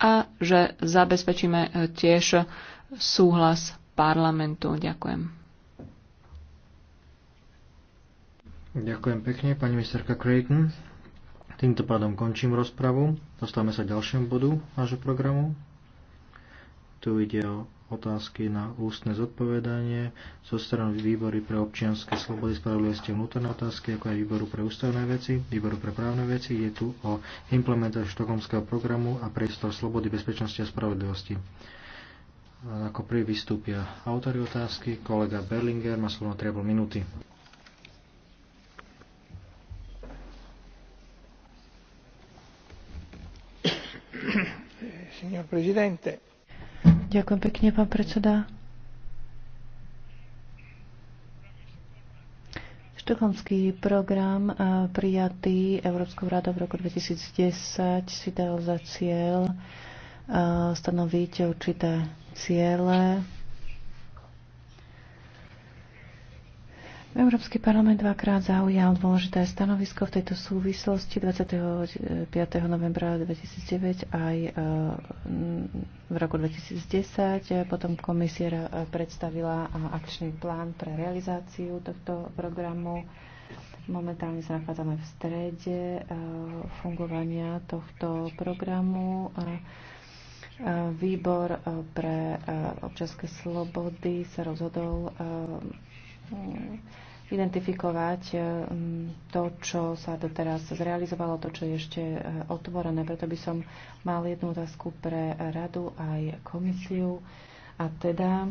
a že zabezpečíme e, tiež súhlas parlamentu. Ďakujem. Ďakujem pekne, pani ministerka Creighton. Týmto pádom končím rozpravu. Dostávame sa k ďalšiemu bodu nášho programu. Tu ide o otázky na ústne zodpovedanie zo strany výbory pre občianske slobody, spravodlivosti a vnútorné otázky, ako aj výboru pre ústavné veci, výboru pre právne veci. Je tu o implementáciu štokholmského programu a priestor slobody, bezpečnosti a spravodlivosti. Ako prvý vystúpia autory otázky, kolega Berlinger má slovo 3,5 minúty. Signor Presidente, Ďakujem pekne, pán predseda. Štokholmský program eh, prijatý Európskou rádou v roku 2010 si dal za cieľ eh, stanoviť určité ciele Európsky parlament dvakrát zaujal dôležité stanovisko v tejto súvislosti 25. novembra 2009 aj e, v roku 2010. Potom komisia e, predstavila e, akčný plán pre realizáciu tohto programu. Momentálne sa nachádzame v strede fungovania tohto programu. Výbor pre občanské slobody sa rozhodol identifikovať eh, mm, to, čo sa doteraz zrealizovalo, to, čo je ešte eh, otvorené. Preto by som mal jednu otázku pre radu aj komisiu. A teda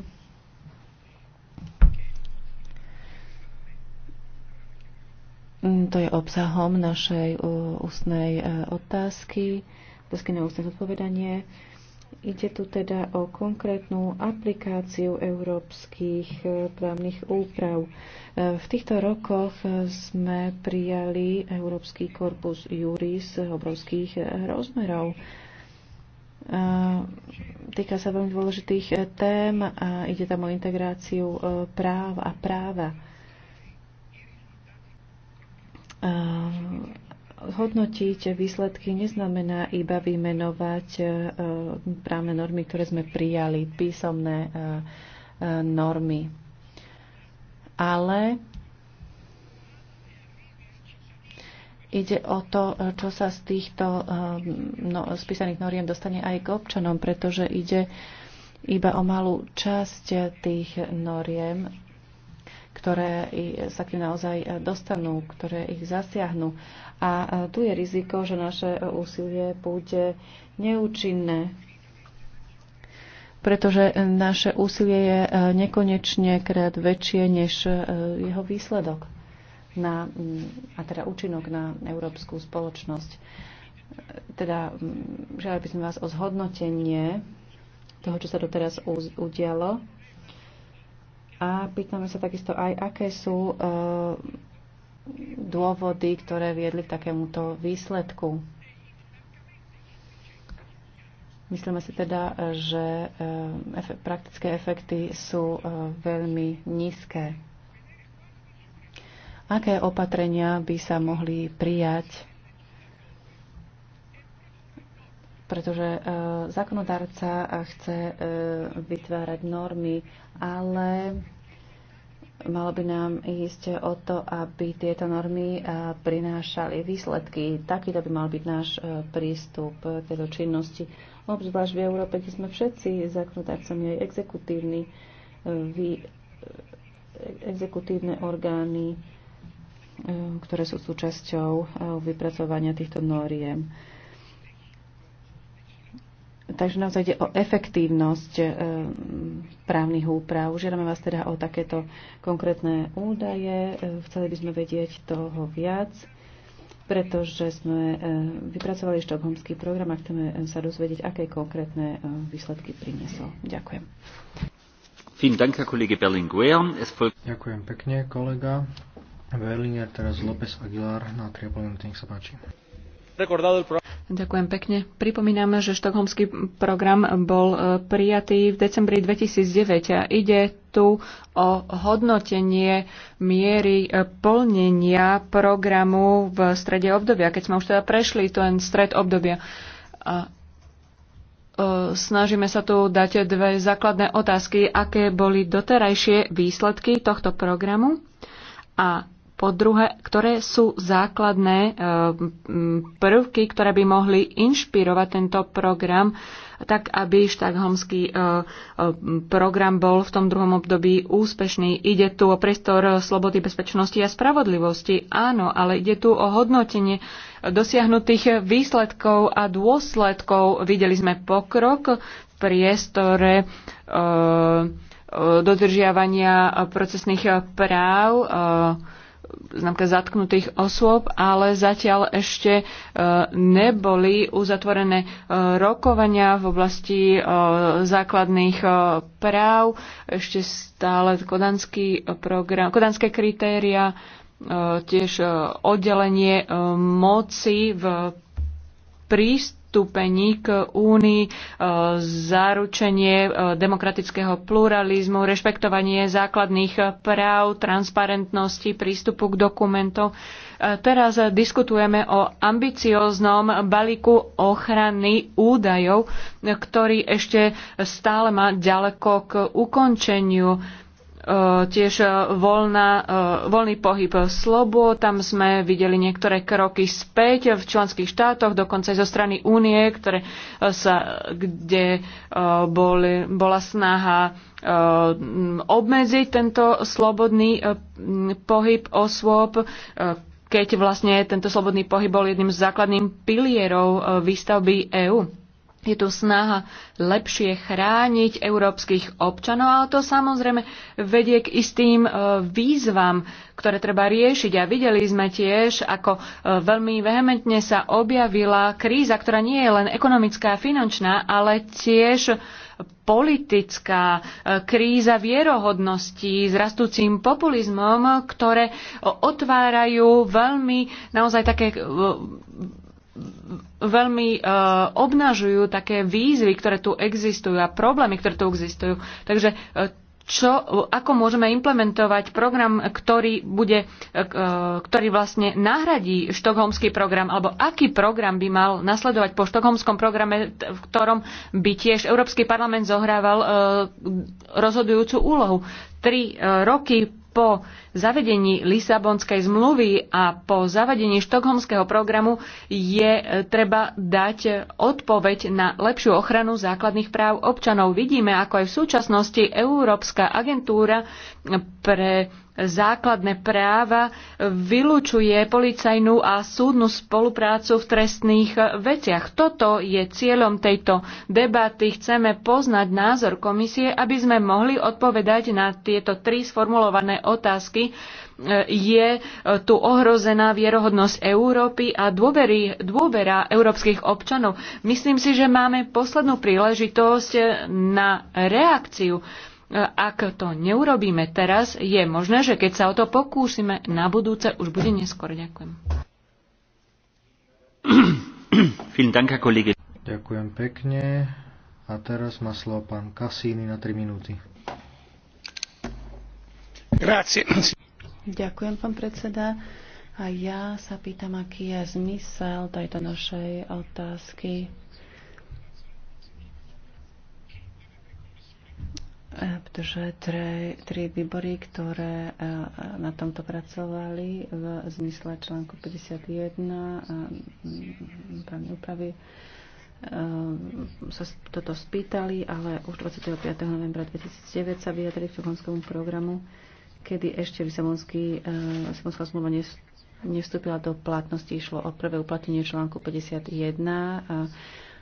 mm, to je obsahom našej eh, ústnej otázky, otázky na ústne zodpovedanie. Ide tu teda o konkrétnu aplikáciu európskych e, právnych úprav. E, v týchto rokoch sme prijali Európsky korpus juris obrovských e, rozmerov. Týka sa veľmi dôležitých tém a ide tam o integráciu práv a práva Hodnotiť výsledky neznamená iba vymenovať e, právne normy, ktoré sme prijali, písomné e, e, normy. Ale ide o to, čo sa z týchto no, spísaných noriem dostane aj k občanom, pretože ide iba o malú časť tých noriem, ktoré sa k naozaj e, dostanú, ktoré ich zasiahnu. A e, tu je riziko, že naše e, úsilie bude neúčinné, pretože naše úsilie je nekonečne krát väčšie než jeho výsledok na, mm, a teda účinok na európsku spoločnosť. Teda mm, žiadali by sme vás o zhodnotenie toho, čo sa doteraz udialo a pýtame sa takisto aj, aké sú e, dôvody, ktoré viedli k takémuto výsledku. Myslíme si teda, že e, praktické efekty sú e, veľmi nízke. Aké opatrenia by sa mohli prijať pretože e, zákonodárca e, chce e, vytvárať normy, ale malo by nám ísť o to, aby tieto normy prinášali výsledky. Takýto by mal byť náš prístup k tejto činnosti. Obzvlášť v Európe, kde sme všetci zákonodárcami aj exekutívni, vy, exekutívne orgány, ktoré sú súčasťou vypracovania týchto noriem. Takže naozaj ide o efektívnosť e, právnych úprav. Žiadame vás teda o takéto konkrétne údaje. E, chceli by sme vedieť toho viac, pretože sme e, vypracovali štokholmský program a chceme sa dozvedieť, aké konkrétne výsledky priniesol. Ďakujem. Ďakujem pekne, kolega. Berlinger, teraz López Aguilar na 3,5 minúty, nech sa páči. Ďakujem pekne. Pripomíname, že štokholmský program bol e, prijatý v decembri 2009 a ide tu o hodnotenie miery e, plnenia programu v strede obdobia, keď sme už teda prešli ten stred obdobia. A e, snažíme sa tu dať dve základné otázky, aké boli doterajšie výsledky tohto programu a po druhé, ktoré sú základné e, prvky, ktoré by mohli inšpirovať tento program, tak aby štakholmský e, e, program bol v tom druhom období úspešný. Ide tu o priestor slobody, bezpečnosti a spravodlivosti, áno, ale ide tu o hodnotenie dosiahnutých výsledkov a dôsledkov. Videli sme pokrok v priestore dodržiavania procesných práv, známka zatknutých osôb, ale zatiaľ ešte e, neboli uzatvorené e, rokovania v oblasti e, základných práv, ešte stále kodanský program, kodanské kritéria, tiež oddelenie moci v prístupu pristúpení k únii, e, zaručenie e, demokratického pluralizmu, rešpektovanie základných práv, transparentnosti, prístupu k dokumentom. E, teraz diskutujeme o ambicióznom balíku ochrany údajov, ktorý ešte stále má ďaleko k ukončeniu tiež voľná, eh, voľný pohyb slobo. Tam sme videli niektoré kroky späť v členských štátoch, dokonca aj zo strany únie, ktoré eh, sa, kde eh, boli, bola snaha obmedziť tento slobodný pohyb osôb, keď vlastne tento slobodný pohyb bol jedným z základných pilierov výstavby EÚ je tu snaha lepšie chrániť európskych občanov, ale to samozrejme vedie k istým e, výzvam, ktoré treba riešiť. A videli sme tiež, ako e, veľmi vehementne sa objavila kríza, ktorá nie je len ekonomická a finančná, ale tiež politická e, kríza vierohodnosti s rastúcim populizmom, ktoré otvárajú veľmi naozaj také veľmi uh, obnažujú také výzvy, ktoré tu existujú a problémy, ktoré tu existujú. Takže e, čo, ako môžeme implementovať program, ktorý, bude, e, ktorý vlastne nahradí štokholmský program, alebo aký program by mal nasledovať po štokholmskom programe, v ktorom by tiež Európsky parlament zohrával rozhodujúcu úlohu. Tri roky po zavedení Lisabonskej zmluvy a po zavedení štokholmského programu je e, treba dať odpoveď na lepšiu ochranu základných práv občanov. Vidíme, ako aj v súčasnosti Európska agentúra pre základné práva vylúčuje policajnú a súdnu spoluprácu v trestných veciach. Toto je cieľom tejto debaty. Chceme poznať názor komisie, aby sme mohli odpovedať na tieto tri sformulované otázky. Je tu ohrozená vierohodnosť Európy a dôvery, dôvera európskych občanov. Myslím si, že máme poslednú príležitosť na reakciu ak to neurobíme teraz, je možné, že keď sa o to pokúsime na budúce, už bude neskôr. Ďakujem. Ďakujem pekne. A teraz má slovo pán Kasíny na 3 minúty. Grazie. Ďakujem, pán predseda. A ja sa pýtam, aký je zmysel tejto našej otázky. pretože tre, tri výbory, ktoré e, e, na tomto pracovali v zmysle článku 51 e, právnej úpravy, sa toto spýtali, ale už 25. novembra 2009 sa vyjadrili k Lisabonskému programu, kedy ešte Lisabonská zmluva nevstúpila do platnosti. Išlo o prvé uplatnenie článku 51. A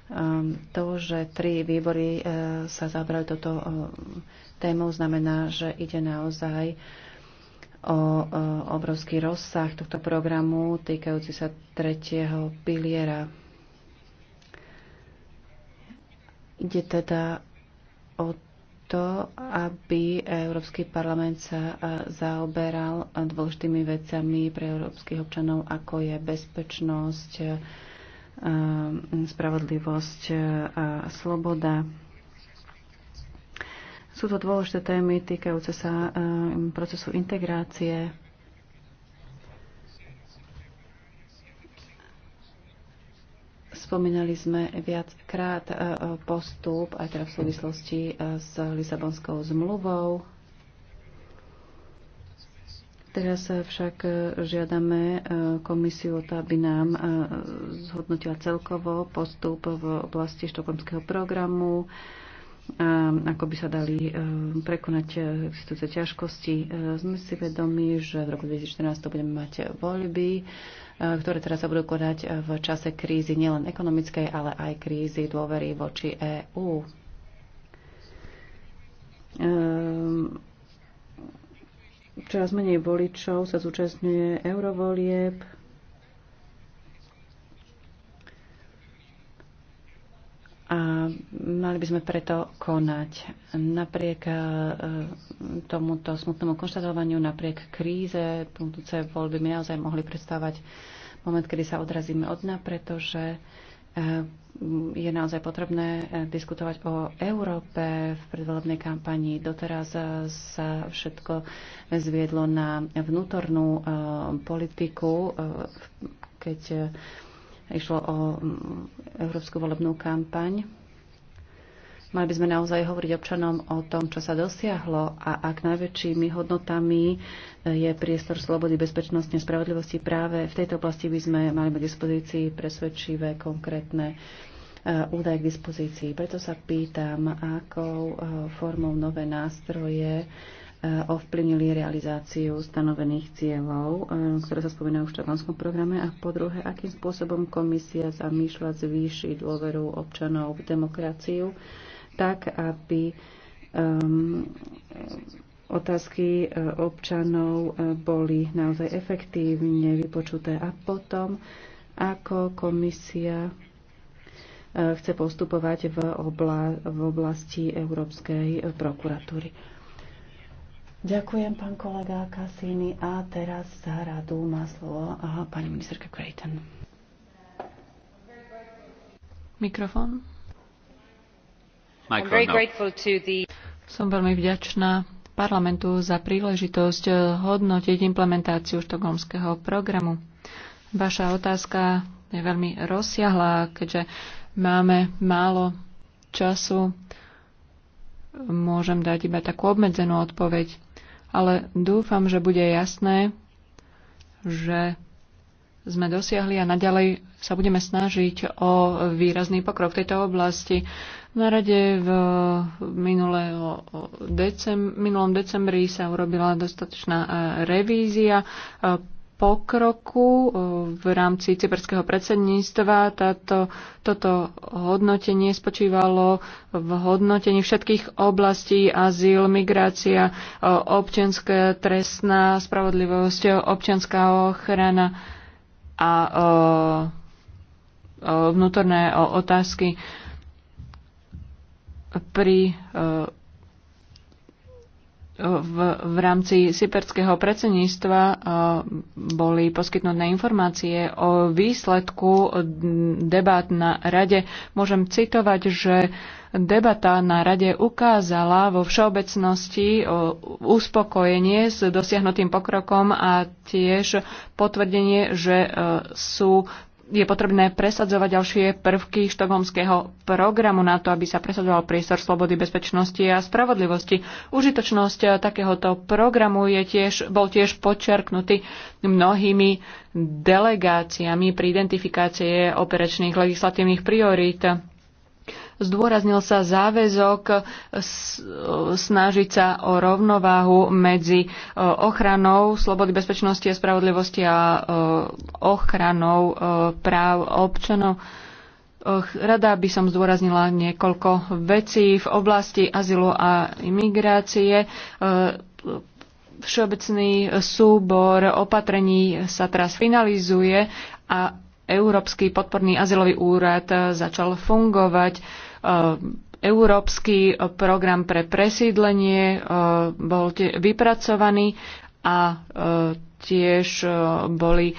Ehm, to, že tri výbory e, sa zabrali toto e, témou, znamená, že ide naozaj o e, obrovský rozsah tohto programu týkajúci sa tretieho piliera. Ide teda o to, aby Európsky parlament sa zaoberal dôležitými vecami pre európskych občanov, ako je bezpečnosť, Eh, spravodlivosť eh, a sloboda. Sú to dôležité témy týkajúce sa eh, procesu integrácie. Spomínali sme viackrát postup aj teda v súvislosti s Lisabonskou zmluvou. Teraz však e, žiadame e, komisiu o to, aby nám e, zhodnotila celkovo postup v oblasti štokholmského programu, ako by sa dali prekonať existujúce ťažkosti. Sme si vedomi, že v roku 2014 budeme mať voľby, ktoré teraz sa budú konať v čase krízy nielen ekonomickej, ale aj krízy dôvery voči EÚ. Um, čoraz menej voličov sa zúčastňuje eurovolieb. A mali by sme preto konať. Napriek e, tomuto smutnému konštatovaniu, napriek kríze, budúce voľby by naozaj mohli predstavať moment, kedy sa odrazíme od dna, pretože Eh, je naozaj potrebné eh, diskutovať o Európe v predvolebnej kampani. Doteraz eh, sa všetko zviedlo na vnútornú politiku, keď išlo o mm, Európsku volebnú kampaň. Mali by sme naozaj hovoriť občanom o tom, čo sa dosiahlo a ak najväčšími hodnotami eh, je priestor slobody, bezpečnosti a spravodlivosti, práve v tejto oblasti by sme mali k dispozícii presvedčivé, konkrétne eh, údaje k dispozícii. Preto sa pýtam, akou eh, formou nové nástroje ovplyvnili realizáciu stanovených cieľov, ktoré sa spomínajú v štokholmskom programe a po druhé, akým spôsobom komisia zamýšľa zvýšiť dôveru občanov v demokraciu tak, aby um, otázky e, občanov e, boli naozaj efektívne vypočuté. A potom, ako komisia e, chce postupovať v, obla, v oblasti Európskej prokuratúry. Ďakujem, pán kolega Kasíny. A teraz za radu má slovo Aha, pani ministerka Creighton. Mikrofón. Som veľmi vďačná parlamentu za príležitosť eh, hodnotiť implementáciu štokholmského programu. Vaša otázka je veľmi rozsiahla, keďže máme málo času, môžem dať iba takú obmedzenú odpoveď, ale dúfam, že bude jasné, že sme dosiahli a naďalej sa budeme snažiť o výrazný pokrok v tejto oblasti. Na rade v minulého decem, minulom decembri sa urobila dostatočná e, revízia e, pokroku e, v rámci cyperského predsedníctva. Táto, toto hodnotenie spočívalo v hodnotení všetkých oblastí azyl, migrácia, občianská trestná spravodlivosť, občianská ochrana a vnútorné otázky pri e, e, v, v rámci syperského predsedníctva e, boli poskytnuté informácie o výsledku debát na rade. Môžem citovať, že debata na rade ukázala vo všeobecnosti uspokojenie s dosiahnutým pokrokom a tiež potvrdenie, že sú je potrebné presadzovať ďalšie prvky štokholmského programu na to, aby sa presadzoval priestor slobody, bezpečnosti a spravodlivosti. Užitočnosť eh, takéhoto programu je tiež, bol tiež podčerknutý mnohými delegáciami pri identifikácie operačných legislatívnych priorít zdôraznil sa záväzok snažiť sa o rovnováhu medzi e, ochranou slobody, bezpečnosti a spravodlivosti a e, ochranou e, práv občanov. Rada by som zdôraznila niekoľko vecí v oblasti azylu a imigrácie. Všeobecný súbor opatrení sa teraz finalizuje a Európsky podporný azylový úrad začal fungovať Ehm, európsky eh, program pre presídlenie eh, bol vypracovaný a eh, tiež boli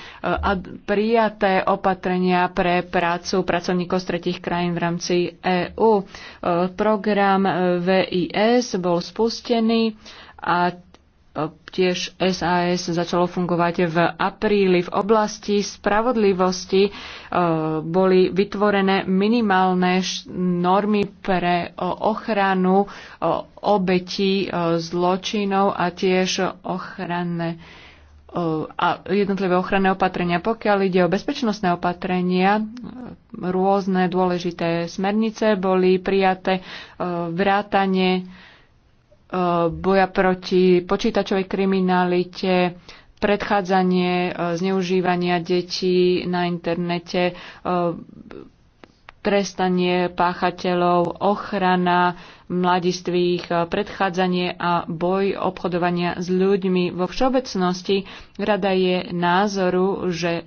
prijaté opatrenia pre prácu pracovníkov z tretich krajín v rámci EÚ. Program VIS bol spustený a Tiež SAS začalo fungovať v apríli. V oblasti spravodlivosti e, boli vytvorené minimálne normy pre e, ochranu e, obetí zločinov a tiež ochranné a jednotlivé ochranné opatrenia. Pokiaľ ide o bezpečnostné opatrenia, rôzne dôležité smernice boli prijaté vrátanie E, boja proti počítačovej kriminalite, predchádzanie e, zneužívania detí na internete, e, trestanie páchateľov, ochrana mladistvých, predchádzanie a boj obchodovania s ľuďmi. Vo všeobecnosti rada je názoru, že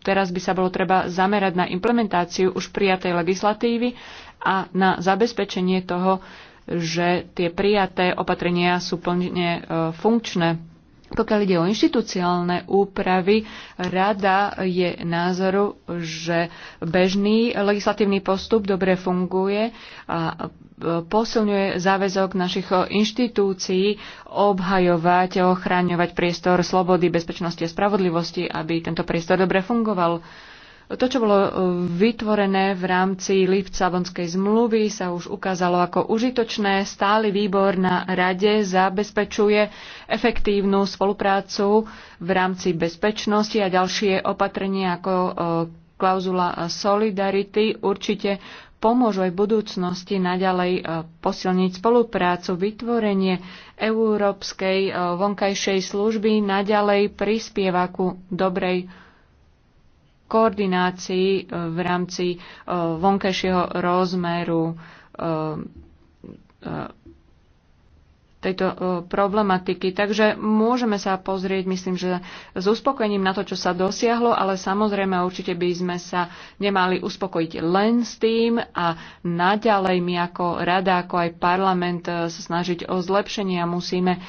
teraz by sa bolo treba zamerať na implementáciu už prijatej legislatívy a na zabezpečenie toho, že tie prijaté opatrenia sú plne e, funkčné. Pokiaľ ide o inštitúciálne úpravy, rada je názoru, že bežný legislatívny postup dobre funguje a e, posilňuje záväzok našich inštitúcií obhajovať a ochraňovať priestor slobody, bezpečnosti a spravodlivosti, aby tento priestor dobre fungoval to, čo bolo e, vytvorené v rámci Lipcavonskej zmluvy, sa už ukázalo ako užitočné. Stály výbor na rade zabezpečuje efektívnu spoluprácu v rámci bezpečnosti a ďalšie opatrenia ako e, klauzula Solidarity určite pomôžu aj v budúcnosti naďalej e, posilniť spoluprácu, vytvorenie európskej vonkajšej služby naďalej prispieva ku dobrej koordinácii e, v rámci e, vonkajšieho rozmeru e, tejto problematiky. Takže môžeme sa pozrieť, myslím, že s uspokojením na to, čo sa dosiahlo, ale samozrejme určite by sme sa nemali uspokojiť len s tým a naďalej my ako rada, ako aj parlament sa snažiť o zlepšenie a musíme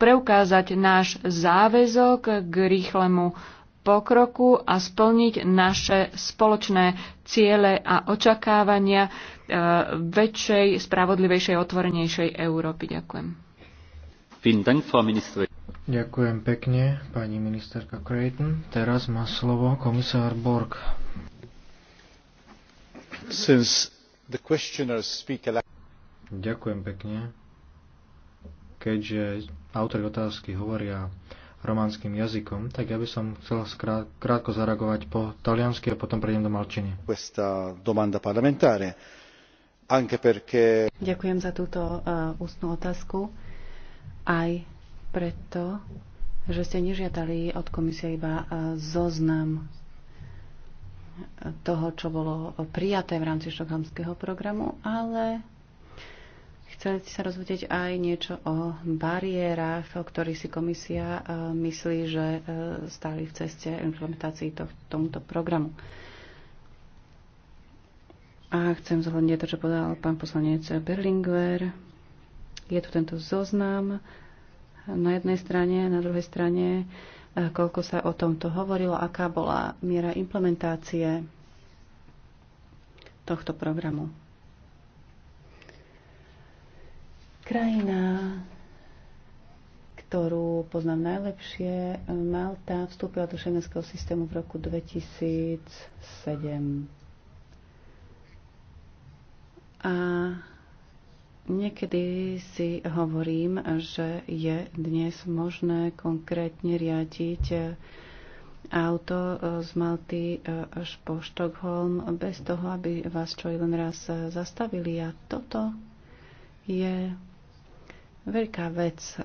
preukázať náš záväzok k rýchlemu pokroku a splniť naše spoločné ciele a očakávania e, väčšej, spravodlivejšej, otvorenejšej Európy. Ďakujem. Ďakujem pekne, pani ministerka Creighton. Teraz má slovo komisár Borg. Speak... Ďakujem pekne. Keďže autori otázky hovoria románskym jazykom, tak ja by som chcel skrát, krátko zareagovať po taliansky a potom prejdem do malčiny. Ďakujem za túto uh, ústnu otázku. Aj preto, že ste nežiadali od komisie iba eh, zoznam toho, čo bolo prijaté v rámci štokholmského programu, ale Chceli ste sa rozvedieť aj niečo o bariérach, o ktorých si komisia e, myslí, že e, stáli v ceste implementácii to, tomuto programu. A chcem zohľadniť to, čo povedal pán poslanec Berlinguer. Je tu tento zoznam na jednej strane, na druhej strane, e, koľko sa o tomto hovorilo, aká bola miera implementácie tohto programu. Krajina, ktorú poznám najlepšie, Malta vstúpila do šengenského systému v roku 2007. A Niekedy si hovorím, že je dnes možné konkrétne riadiť auto z Malty až po Štokholm bez toho, aby vás čo len raz zastavili. A toto je veľká vec, eh,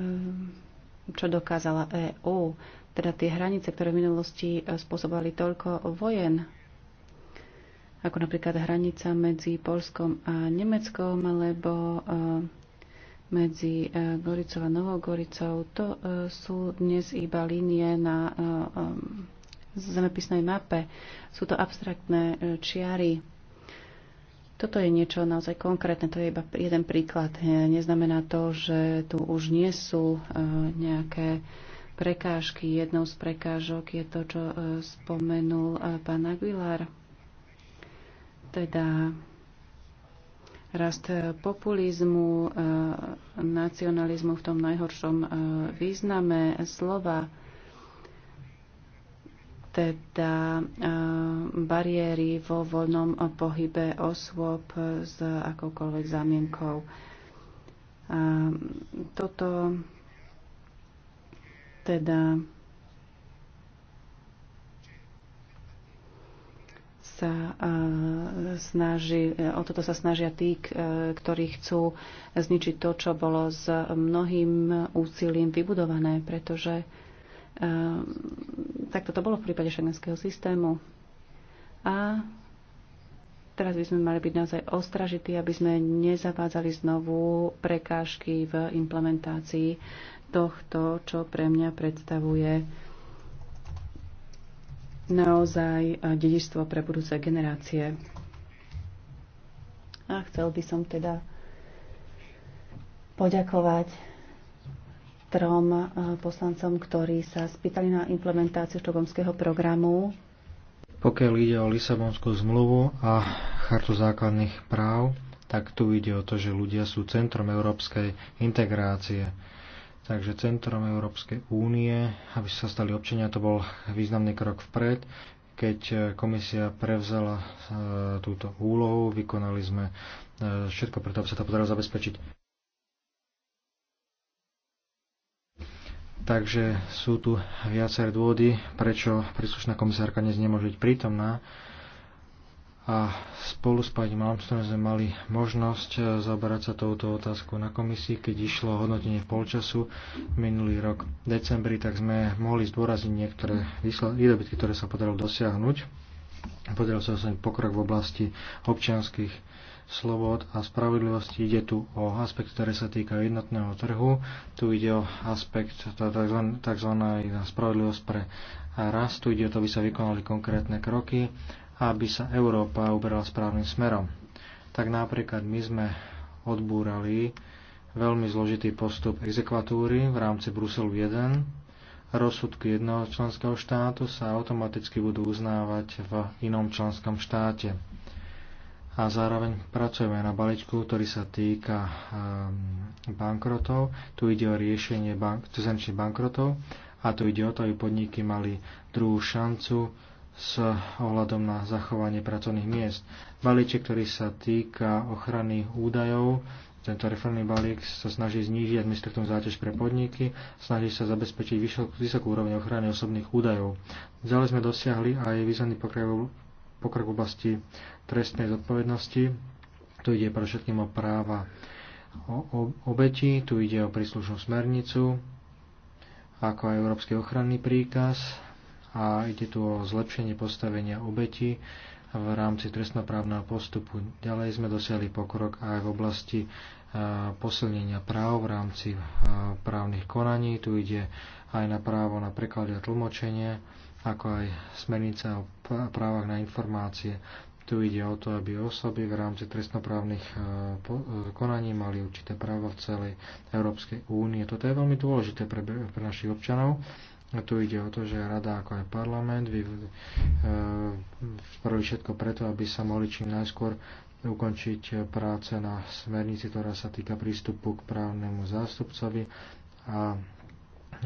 eh, čo dokázala EÚ, teda tie hranice, ktoré v minulosti eh, spôsobovali toľko vojen, ako napríklad hranica medzi Polskom a Nemeckom, alebo medzi Goricou a Novogoricou. To sú dnes iba línie na zemepisnej mape. Sú to abstraktné čiary. Toto je niečo naozaj konkrétne, to je iba jeden príklad. E, neznamená to, že tu už nie sú e, nejaké prekážky. Jednou z prekážok je to, čo e, spomenul pán Aguilar. Teda rast populizmu, nacionalizmu v tom najhoršom význame slova teda eh, bariéry vo voľnom pohybe osôb s akoukoľvek zámienkou. toto teda sa eh, snaží, o toto sa snažia tí, eh, ktorí chcú zničiť to, čo bolo s mnohým úsilím vybudované, pretože Ehm, tak toto bolo v prípade šengenského systému. A teraz by sme mali byť naozaj ostražití, aby sme nezavádzali znovu prekážky v implementácii tohto, čo pre mňa predstavuje naozaj e, dedičstvo pre budúce generácie. A chcel by som teda poďakovať trom eh, poslancom, ktorí sa spýtali na implementáciu štokomského programu. Pokiaľ ide o Lisabonskú zmluvu a chartu základných práv, tak tu ide o to, že ľudia sú centrom európskej integrácie. Takže centrom Európskej únie, aby sa stali občania, to bol významný krok vpred. Keď eh, komisia prevzala eh, túto úlohu, vykonali sme všetko preto, aby sa to podarilo zabezpečiť. Takže sú tu viaceré dôvody, prečo príslušná komisárka dnes nemôže byť prítomná. A spolu s pani Malmström sme mali možnosť eh, zaoberať sa touto otázkou na komisii, keď išlo hodnotenie v polčasu minulý rok v decembri, tak sme mohli zdôraziť niektoré výdobytky, ktoré sa podarilo dosiahnuť. Podarilo sa dosiahnuť pokrok v oblasti občianských slobod a spravodlivosti. Ide tu o aspekt, ktoré sa týka jednotného trhu. Tu ide o aspekt tzv. spravodlivosť pre rast. Tu ide o to, aby sa vykonali konkrétne kroky a aby sa Európa uberala správnym smerom. Tak napríklad my sme odbúrali veľmi zložitý postup exekvatúry v rámci Bruselu 1. Rozsudky jedného členského štátu sa automaticky budú uznávať v inom členskom štáte a zároveň pracujeme na balíčku, ktorý sa týka um, bankrotov. Tu ide o riešenie bank, bankrotov a tu ide o to, aby podniky mali druhú šancu s ohľadom na zachovanie pracovných miest. Balíček, ktorý sa týka ochrany údajov, tento reformný balík sa snaží znížiť administratívnu záťaž pre podniky, snaží sa zabezpečiť vysokú úroveň ochrany osobných údajov. Ďalej sme dosiahli aj významný pokrok v oblasti trestnej zodpovednosti. Tu ide pre všetkým o práva o obeti, tu ide o príslušnú smernicu, ako aj Európsky ochranný príkaz a ide tu o zlepšenie postavenia obeti v rámci trestnoprávneho postupu. Ďalej sme dosiahli pokrok aj v oblasti e, posilnenia práv v rámci e, právnych konaní. Tu ide aj na právo na preklady a tlmočenie, ako aj smernica o právach na informácie. Tu ide o to, aby osoby v rámci trestnoprávnych e, e, konaní mali určité práva v celej Európskej únie. Toto je veľmi dôležité pre, pre našich občanov. A tu ide o to, že rada ako aj parlament vy, e, spravili všetko preto, aby sa mohli čím najskôr ukončiť práce na smernici, ktorá sa týka prístupu k právnemu zástupcovi. A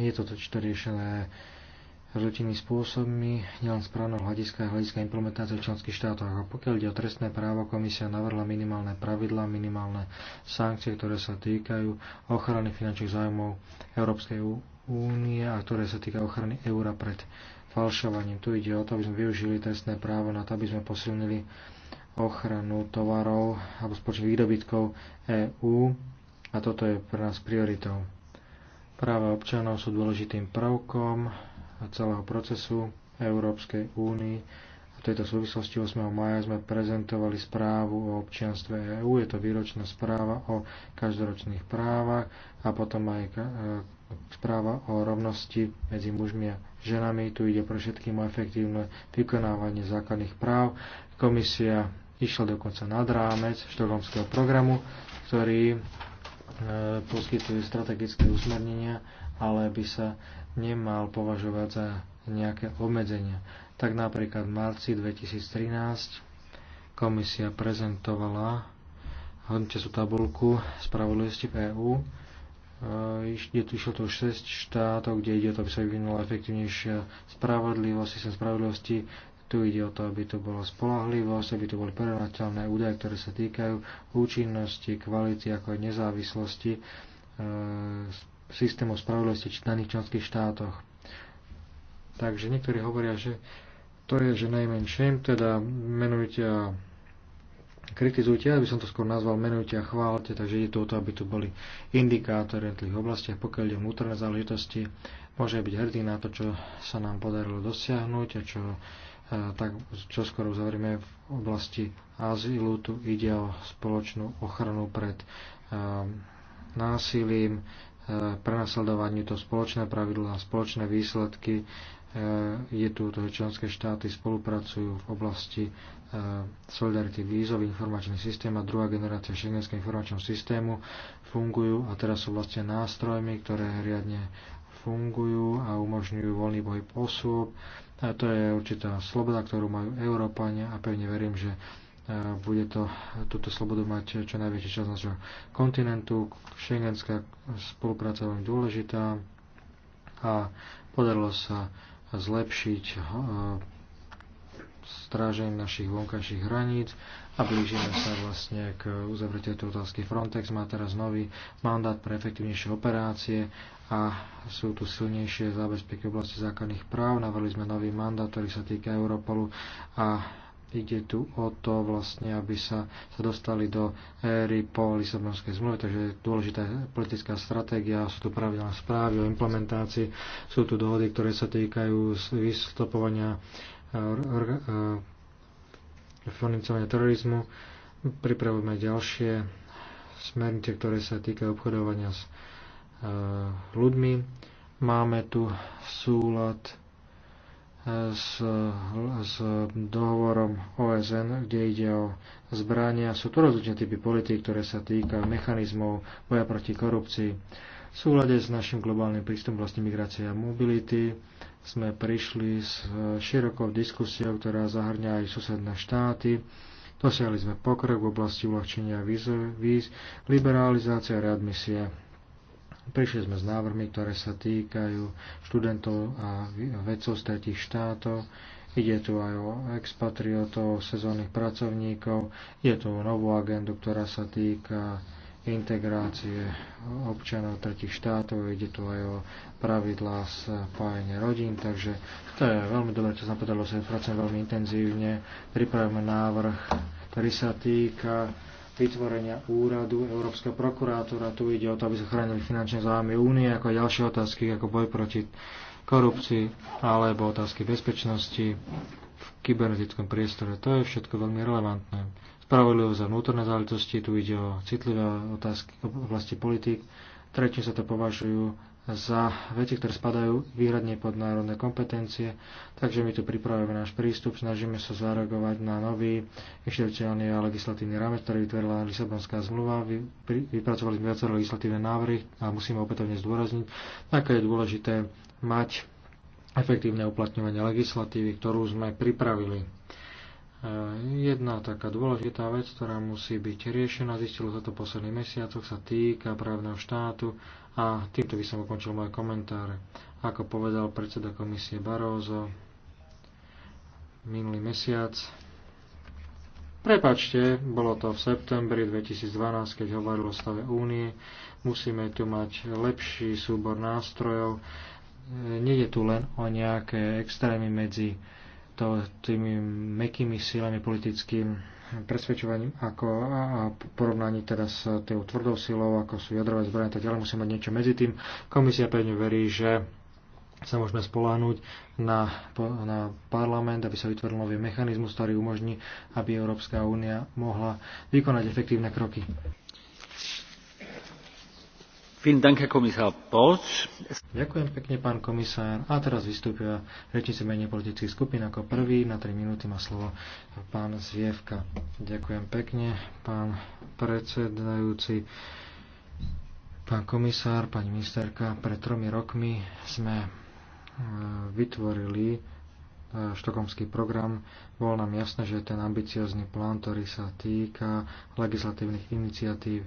je to totiž riešené rutinný spôsobmi, nielen z právneho hľadiska a hľadiska implementácie v členských štátoch. A pokiaľ ide o trestné právo, komisia navrhla minimálne pravidlá, minimálne sankcie, ktoré sa týkajú ochrany finančných zájmov Európskej únie a ktoré sa týkajú ochrany eura pred falšovaním. Tu ide o to, aby sme využili trestné právo na to, aby sme posilnili ochranu tovarov alebo spoločných výdobytkov EÚ a toto je pre nás prioritou. Práva občanov sú dôležitým prvkom celého procesu Európskej únii. V tejto súvislosti 8. maja sme prezentovali správu o občianstve EÚ. Je to výročná správa o každoročných právach a potom aj e, správa o rovnosti medzi mužmi a ženami. Tu ide pre všetkým o efektívne vykonávanie základných práv. Komisia išla dokonca nad rámec štokholmského programu, ktorý e, poskytuje strategické usmernenia, ale by sa nemal považovať za nejaké obmedzenia. Tak napríklad v marci 2013 komisia prezentovala hodnite sú tabulku spravodlivosti v EÚ. E, je tu išlo to 6 štátov, kde ide o to, aby sa vyvinula efektívnejšia spravodlivosť, systém spravodlivosti. Tu ide o to, aby to bola spolahlivosť, aby to boli prerovateľné údaje, ktoré sa týkajú účinnosti, kvality, ako aj nezávislosti e, systému spravodlivosti v daných členských štátoch. Takže niektorí hovoria, že to je, že najmenším, teda menujte a kritizujte, aby som to skôr nazval menujte a chválte, takže ide to o to, aby tu boli indikátory v tých oblastiach, pokiaľ ide vnútorné záležitosti, môže byť hrdý na to, čo sa nám podarilo dosiahnuť a čo e, tak čo skoro uzavrieme v oblasti azylu. Tu ide o spoločnú ochranu pred e, násilím, Eh, prenasledovaní to spoločné pravidlo a spoločné výsledky. Eh, je tu to, že členské štáty spolupracujú v oblasti eh, Solidarity vízový informačný systém a druhá generácia šengenského informačného systému fungujú a teraz sú vlastne nástrojmi, ktoré riadne fungujú a umožňujú voľný pohyb osôb. A to je určitá sloboda, ktorú majú Európania a pevne verím, že bude to, túto slobodu mať čo najväčší čas našho kontinentu. Schengenská spolupráca je veľmi dôležitá a podarilo sa zlepšiť e, stráženie našich vonkajších hraníc a blížime sa vlastne k uzavretiu tejto otázky. Frontex má teraz nový mandát pre efektívnejšie operácie a sú tu silnejšie zábezpeky v oblasti základných práv. Navrli sme nový mandát, ktorý sa týka Europolu a Ide tu o to vlastne, aby sa, sa dostali do éry po Lisabonskej zmluve, takže je dôležitá politická stratégia, sú tu pravidelné správy o implementácii, sú tu dohody, ktoré sa týkajú vystopovania eh, eh, financovania terorizmu. Pripravujeme ďalšie smernice, ktoré sa týkajú obchodovania s eh, ľuďmi. Máme tu súlad s, s dohovorom OSN, kde ide o zbrania. Sú to rozličné typy politik, ktoré sa týka mechanizmov boja proti korupcii. V súhľade s našim globálnym prístupom vlastne migrácie a mobility sme prišli s širokou diskusiou, ktorá zahrňa aj susedné štáty. Dosiahli sme pokrok v oblasti uľahčenia víz, liberalizácia a readmisie Prišli sme s návrhmi, ktoré sa týkajú študentov a vedcov z tretich štátov. Ide tu aj o expatriotov, sezónnych pracovníkov. Je tu novú agendu, ktorá sa týka integrácie občanov tretich štátov, ide tu aj o pravidlá spájania rodín, takže to je veľmi dobré, čo sa podarilo sa pracujem veľmi intenzívne. Pripravíme návrh, ktorý sa týka vytvorenia úradu Európskeho prokurátora. Tu ide o to, aby sa chránili finančné záujmy únie, ako aj ďalšie otázky, ako boj proti korupcii alebo otázky bezpečnosti v kybernetickom priestore. To je všetko veľmi relevantné. Spravodlivosť za vnútorné záležitosti, tu ide o citlivé otázky v oblasti politik. Tretie sa to považujú za veci, ktoré spadajú výhradne pod národné kompetencie, takže my tu pripravujeme náš prístup, snažíme sa zareagovať na nový inštitucionálny a legislatívny rámec, ktorý vytvorila Lisabonská zmluva. Vypracovali sme viaceré legislatívne návrhy a musíme opätovne zdôrazniť, aké je dôležité mať efektívne uplatňovanie legislatívy, ktorú sme pripravili. E, jedna taká dôležitá vec, ktorá musí byť riešená, zistilo sa to posledných mesiacoch, sa týka právneho štátu a týmto by som ukončil moje komentáre, Ako povedal predseda komisie Barózo minulý mesiac, Prepačte, bolo to v septembri 2012, keď hovoril o stave únie. Musíme tu mať lepší súbor nástrojov. Nie je tu len o nejaké extrémy medzi to, tými mekými silami politickými presvedčovaním ako a porovnaní teda s tou tvrdou silou, ako sú jadrové zbranie, tak ďalej musíme mať niečo medzi tým. Komisia pevne verí, že sa môžeme spolahnuť na, na parlament, aby sa vytvoril nový mechanizmus, ktorý umožní, aby Európska únia mohla vykonať efektívne kroky. Ďakujem pekne, pán komisár. A teraz vystúpia rečníci menej politických skupín. Ako prvý na 3 minúty má slovo pán Zvievka. Ďakujem pekne, pán predsedajúci. Pán komisár, pani ministerka, pred tromi rokmi sme e, vytvorili e, štokomský program, bolo nám jasné, že ten ambiciozný plán, ktorý sa týka legislatívnych iniciatív,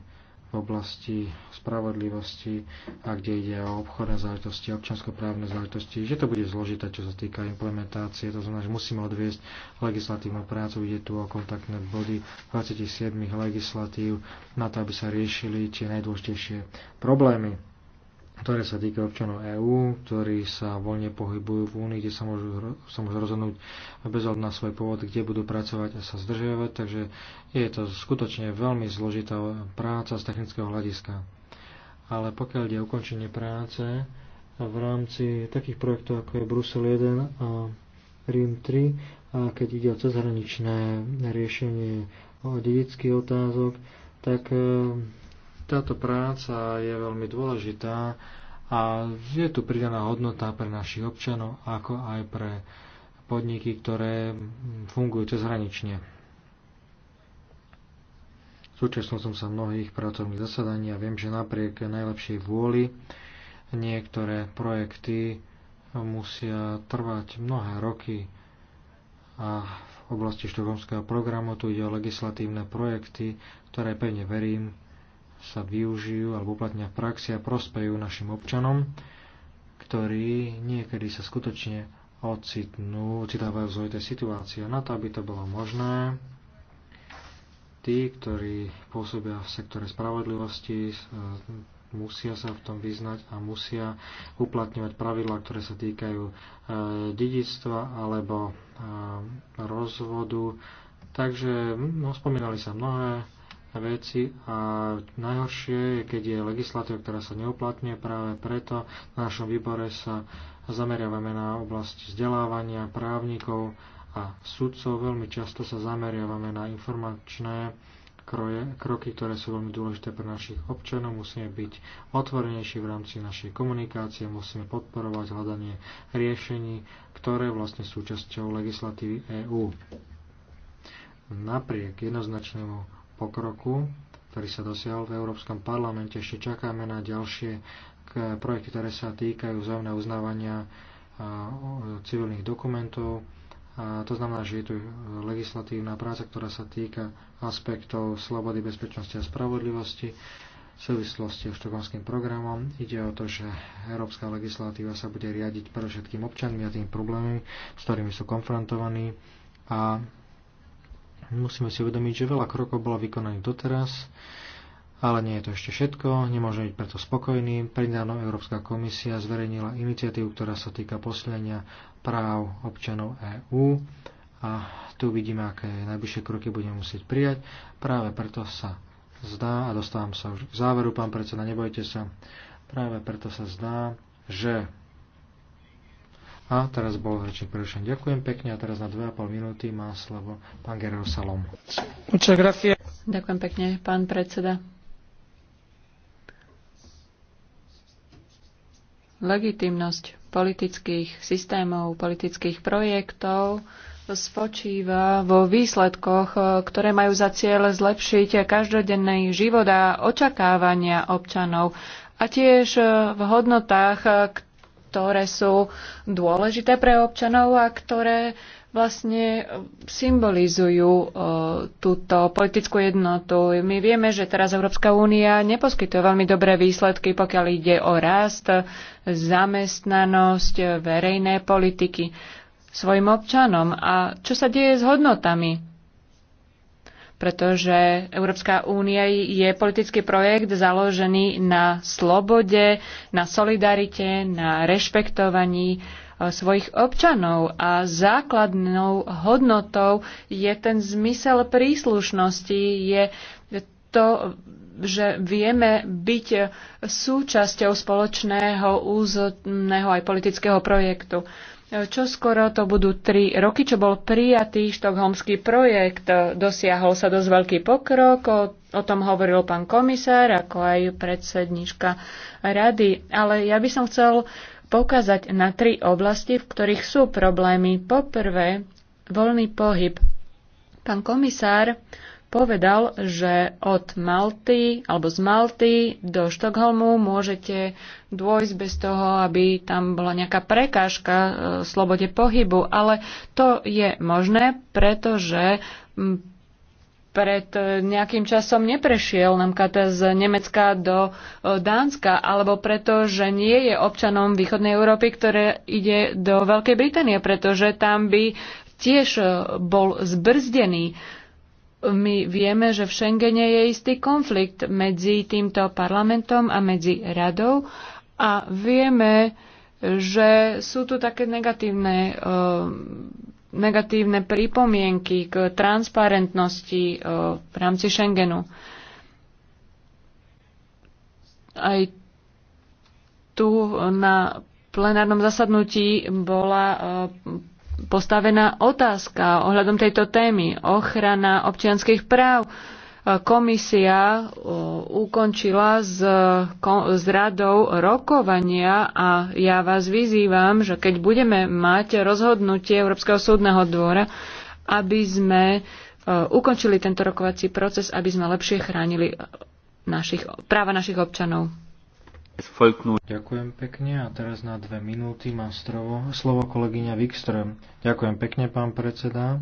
v oblasti spravodlivosti a kde ide o obchodné záležitosti, občanskoprávne záležitosti, že to bude zložité, čo sa týka implementácie. To znamená, že musíme odviesť legislatívnu prácu. Ide tu o kontaktné body 27 legislatív na to, aby sa riešili tie najdôležitejšie problémy ktoré sa týka občanov EÚ, ktorí sa voľne pohybujú v Únii, kde sa môžu, sa môžu rozhodnúť bez ohľadu na svoj pôvod, kde budú pracovať a sa zdržiavať. Takže je to skutočne veľmi zložitá práca z technického hľadiska. Ale pokiaľ ide ukončenie práce v rámci takých projektov, ako je Brusel 1 a Rím 3, a keď ide o cezhraničné riešenie o dedických otázok, tak táto práca je veľmi dôležitá a je tu pridaná hodnota pre našich občanov, ako aj pre podniky, ktoré fungujú cezhranične. Súčasnil som sa mnohých pracovných zasadaní a viem, že napriek najlepšej vôli niektoré projekty musia trvať mnohé roky a v oblasti štokholmského programu tu ide o legislatívne projekty, ktoré pevne verím sa využijú alebo uplatnia v praxi a prospejú našim občanom, ktorí niekedy sa skutočne ocitnú, ocitávajú v tej situácii. A na to, aby to bolo možné, tí, ktorí pôsobia v sektore spravodlivosti, e, musia sa v tom vyznať a musia uplatňovať pravidlá, ktoré sa týkajú e, dedictva alebo e, rozvodu. Takže no, spomínali sa mnohé veci a najhoršie je, keď je legislatíva, ktorá sa neuplatňuje práve preto. V našom výbore sa zameriavame na oblasti vzdelávania právnikov a sudcov. Veľmi často sa zameriavame na informačné kroje, kroky, ktoré sú veľmi dôležité pre našich občanov. Musíme byť otvorenejší v rámci našej komunikácie, musíme podporovať hľadanie riešení, ktoré vlastne súčasťou legislatívy EÚ. Napriek jednoznačnému pokroku, ktorý sa dosiahol v Európskom parlamente. Ešte čakáme na ďalšie projekty, ktoré sa týkajú vzájomného uznávania civilných dokumentov. A to znamená, že je tu legislatívna práca, ktorá sa týka aspektov slobody, bezpečnosti a spravodlivosti v súvislosti s štokholmským programom. Ide o to, že európska legislatíva sa bude riadiť pre všetkým občanmi a tým problémami, s ktorými sú konfrontovaní a Musíme si uvedomiť, že veľa krokov bolo vykonaných doteraz, ale nie je to ešte všetko, nemôžeme byť preto spokojní. Pridávno Európska komisia zverejnila iniciatívu, ktorá sa týka posilnenia práv občanov EÚ a tu vidíme, aké najbližšie kroky budeme musieť prijať. Práve preto sa zdá, a dostávam sa už k záveru, pán predseda, nebojte sa, práve preto sa zdá, že a teraz bol rečník prerušený. Ďakujem pekne a teraz na 2,5 minúty má slovo pán Gerero Salom. Ďakujem pekne, pán predseda. Legitimnosť politických systémov, politických projektov spočíva vo výsledkoch, ktoré majú za cieľ zlepšiť každodenný život a očakávania občanov a tiež v hodnotách, ktoré ktoré sú dôležité pre občanov a ktoré vlastne symbolizujú e, túto politickú jednotu. My vieme, že teraz Európska únia neposkytuje veľmi dobré výsledky, pokiaľ ide o rast, zamestnanosť, verejné politiky svojim občanom. A čo sa deje s hodnotami? pretože Európska únia je politický projekt založený na slobode, na solidarite, na rešpektovaní e, svojich občanov a základnou hodnotou je ten zmysel príslušnosti, je to, že vieme byť súčasťou spoločného územného aj politického projektu. Čo skoro to budú tri roky, čo bol prijatý štokholmský projekt. Dosiahol sa dosť veľký pokrok, o, o tom hovoril pán komisár, ako aj predsednička rady. Ale ja by som chcel poukázať na tri oblasti, v ktorých sú problémy. Poprvé, voľný pohyb. Pán komisár povedal, že od Malty alebo z Malty do Štokholmu môžete dôjsť bez toho, aby tam bola nejaká prekážka e, slobode pohybu, ale to je možné, pretože m, pred e, nejakým časom neprešiel kata z Nemecka do e, Dánska, alebo preto, že nie je občanom východnej Európy, ktoré ide do Veľkej Británie, pretože tam by tiež e, bol zbrzdený my vieme, že v Schengene je istý konflikt medzi týmto parlamentom a medzi radou a vieme, že sú tu také negatívne, eh, negatívne pripomienky k transparentnosti eh, v rámci Schengenu. Aj tu na plenárnom zasadnutí bola eh, postavená otázka ohľadom tejto témy. Ochrana občianských práv. Komisia ukončila s, s radou rokovania a ja vás vyzývam, že keď budeme mať rozhodnutie Európskeho súdneho dvora, aby sme ukončili tento rokovací proces, aby sme lepšie chránili našich, práva našich občanov. Ďakujem pekne a teraz na dve minúty má slovo, slovo kolegyňa Wikström. Ďakujem pekne, pán predseda.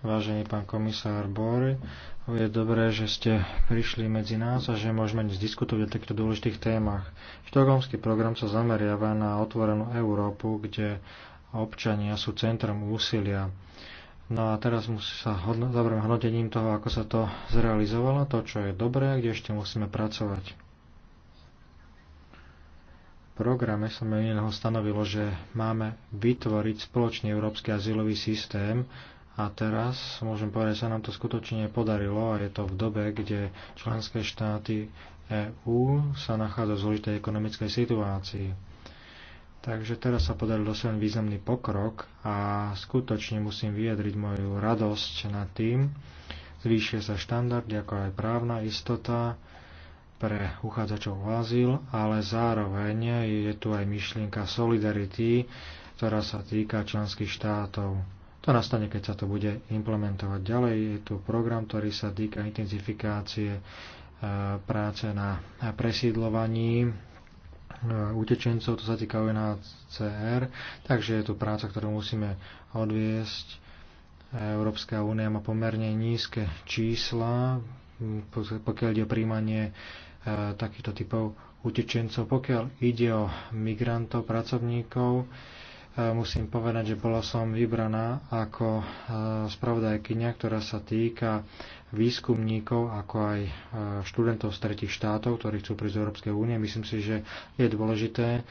Vážený pán komisár Bor, je dobré, že ste prišli medzi nás a že môžeme dnes diskutovať o takýchto dôležitých témach. Štokholmský program sa zameriava na otvorenú Európu, kde občania sú centrom úsilia. No a teraz musí sa hodno, zabrám hodnotením toho, ako sa to zrealizovalo, to, čo je dobré, kde ešte musíme pracovať programe sa mimo stanovilo, že máme vytvoriť spoločný európsky azylový systém a teraz, môžem povedať, sa nám to skutočne podarilo a je to v dobe, kde členské štáty EÚ sa nachádza v zložitej ekonomickej situácii. Takže teraz sa podaril dosiahnuť významný pokrok a skutočne musím vyjadriť moju radosť nad tým. Zvýšia sa štandardy, ako aj právna istota, pre uchádzačov o azyl, ale zároveň je tu aj myšlienka solidarity, ktorá sa týka členských štátov. To nastane, keď sa to bude implementovať. Ďalej je tu program, ktorý sa týka intenzifikácie e, práce na presídlovaní e, utečencov, to sa týka UNHCR, takže je tu práca, ktorú musíme odviesť. Európska únia má pomerne nízke čísla, pokiaľ ide o príjmanie E, takýchto typov utečencov. Pokiaľ ide o migrantov, pracovníkov, e, musím povedať, že bola som vybraná ako e, spravodajkynia, ktorá sa týka výskumníkov, ako aj študentov z tretich štátov, ktorí chcú prísť z Európskej únie. Myslím si, že je dôležité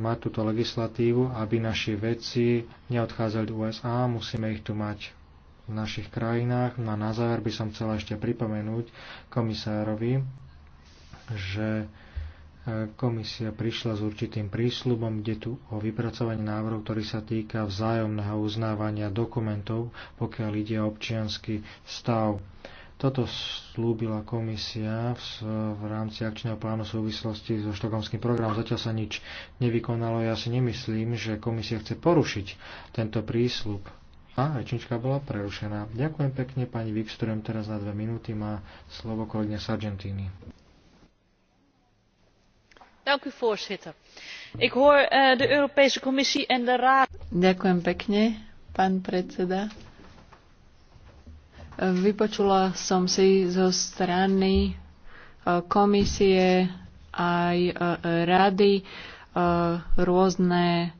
mať túto legislatívu, aby naši vedci neodchádzali do USA. Musíme ich tu mať v našich krajinách. No a na záver by som chcela ešte pripomenúť komisárovi, že e, komisia prišla s určitým prísľubom, kde tu o vypracovanie návrhu, ktorý sa týka vzájomného uznávania dokumentov, pokiaľ ide o občianský stav. Toto slúbila komisia v, v rámci akčného plánu súvislosti so štokomským programom. Zatiaľ sa nič nevykonalo. Ja si nemyslím, že komisia chce porušiť tento prísľub a rečnička bola prerušená. Ďakujem pekne pani Wikström, teraz na dve minúty má slovo kolegyňa Sargentini. Eh, Ďakujem pekne, pán predseda. Vypočula som si zo strany eh, komisie aj eh, rady rôzne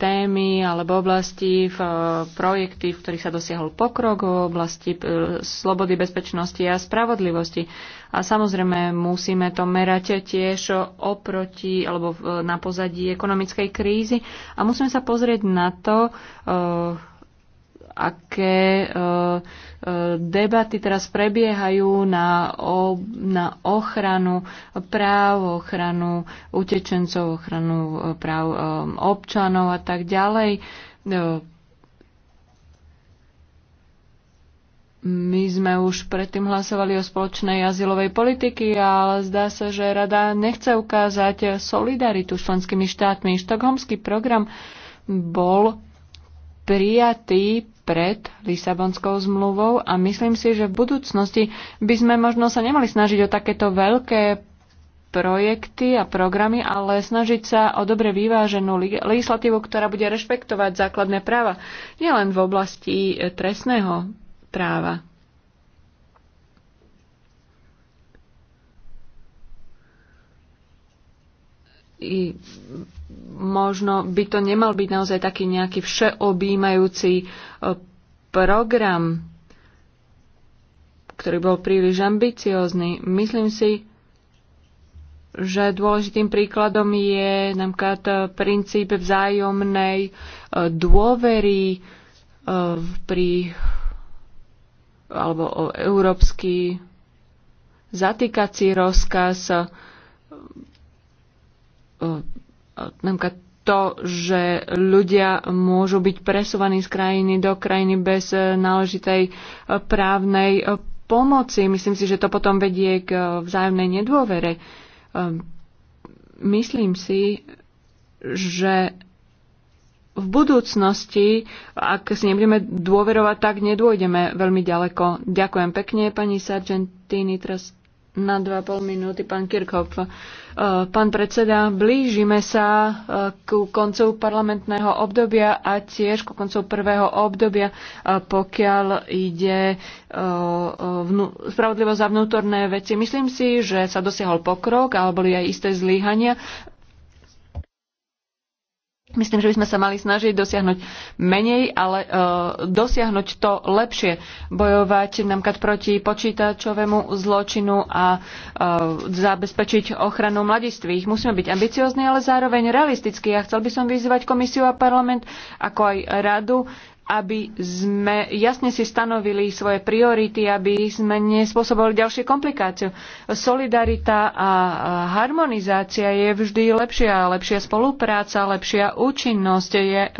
témy alebo oblasti, v e, projekty, v ktorých sa dosiahol pokrok, v oblasti e, slobody, bezpečnosti a spravodlivosti. A samozrejme musíme to merať tiež oproti alebo na pozadí ekonomickej krízy a musíme sa pozrieť na to, e, aké e, e, debaty teraz prebiehajú na, o, na ochranu práv, ochranu utečencov, ochranu e, práv občanov a tak ďalej. My sme už predtým hlasovali o spoločnej azylovej politiky, ale zdá sa, že rada nechce ukázať solidaritu s členskými štátmi. Štokholmský program bol prijatý pred Lisabonskou zmluvou a myslím si, že v budúcnosti by sme možno sa nemali snažiť o takéto veľké projekty a programy, ale snažiť sa o dobre vyváženú legislatívu, ktorá bude rešpektovať základné práva, nielen v oblasti e, trestného práva. I možno by to nemal byť naozaj taký nejaký všeobjímajúci e, program, ktorý bol príliš ambiciózny. Myslím si, že dôležitým príkladom je napríklad e, princíp vzájomnej e, dôvery pri alebo európsky zatýkací rozkaz napríklad to, že ľudia môžu byť presúvaní z krajiny do krajiny bez e, náležitej e, právnej e, pomoci. Myslím si, že to potom vedie k vzájomnej nedôvere. Myslím si, že v budúcnosti, ak si nebudeme dôverovať, tak nedôjdeme veľmi ďaleko. Ďakujem pekne, pani Sargentini. Trust na 2,5 minúty, pán Kirchhoff. Uh, pán predseda, blížime sa uh, ku koncu parlamentného obdobia a tiež ku koncu prvého obdobia, uh, pokiaľ ide spravodlivosť za vnútorné veci. Myslím si, že sa dosiahol pokrok, ale boli aj isté zlíhania Myslím, že by sme sa mali snažiť dosiahnuť menej, ale e, dosiahnuť to lepšie. Bojovať napríklad proti počítačovému zločinu a e, zabezpečiť ochranu mladistvých. Musíme byť ambiciozni, ale zároveň realistickí. Ja chcel by som vyzvať komisiu a parlament, ako aj radu, aby sme jasne si stanovili svoje priority, aby sme nespôsobovali ďalšie komplikácie. Solidarita a harmonizácia je vždy lepšia. Lepšia spolupráca, lepšia účinnosť je e,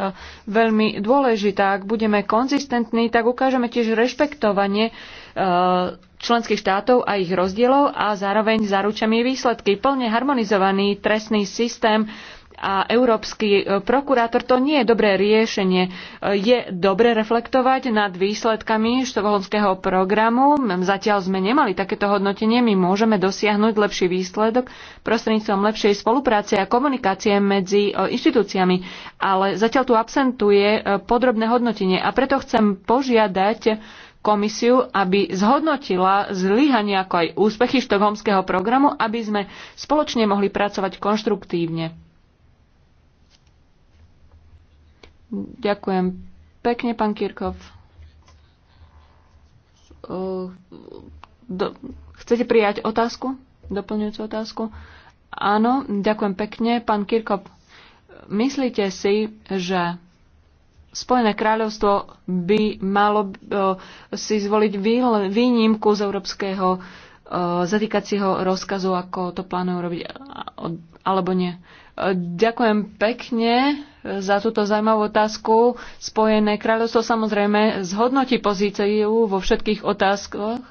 veľmi dôležitá. Ak budeme konzistentní, tak ukážeme tiež rešpektovanie e, členských štátov a ich rozdielov a zároveň zaručami výsledky. Plne harmonizovaný trestný systém a európsky e, prokurátor, to nie je dobré riešenie. E, je dobre reflektovať nad výsledkami štokholmského programu. Zatiaľ sme nemali takéto hodnotenie. My môžeme dosiahnuť lepší výsledok prostredníctvom lepšej spolupráce a komunikácie medzi e, inštitúciami. Ale zatiaľ tu absentuje podrobné hodnotenie. A preto chcem požiadať komisiu, aby zhodnotila zlyhania ako aj úspechy štokholmského programu, aby sme spoločne mohli pracovať konštruktívne. Ďakujem pekne, pán Kirkov. Do, chcete prijať otázku? Doplňujúcu otázku? Áno, ďakujem pekne. Pán Kirkov, myslíte si, že Spojené kráľovstvo by malo si zvoliť výnimku z európskeho zatýkacieho rozkazu, ako to plánujú robiť, alebo nie. Ďakujem pekne za túto zaujímavú otázku. Spojené kráľovstvo samozrejme zhodnotí pozíciu e vo všetkých otázkach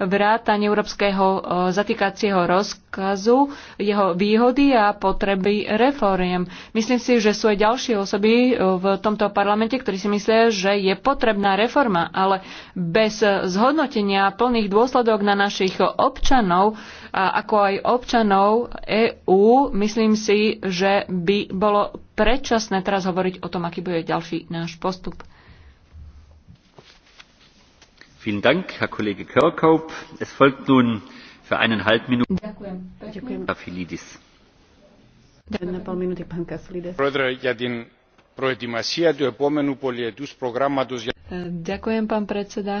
vrátanie európskeho e, zatýkacieho rozkazu, jeho výhody a potreby reforiem. Myslím si, že sú aj ďalšie osoby e, v tomto parlamente, ktorí si myslia, že je potrebná reforma, ale bez zhodnotenia plných dôsledok na našich občanov, ako aj občanov EÚ, myslím si, že by bolo predčasné teraz hovoriť o tom, aký bude ďalší náš postup. Dank, es folgt nun für eineinhalb Minuten. Ďakujem. Ďakujem, pán predseda.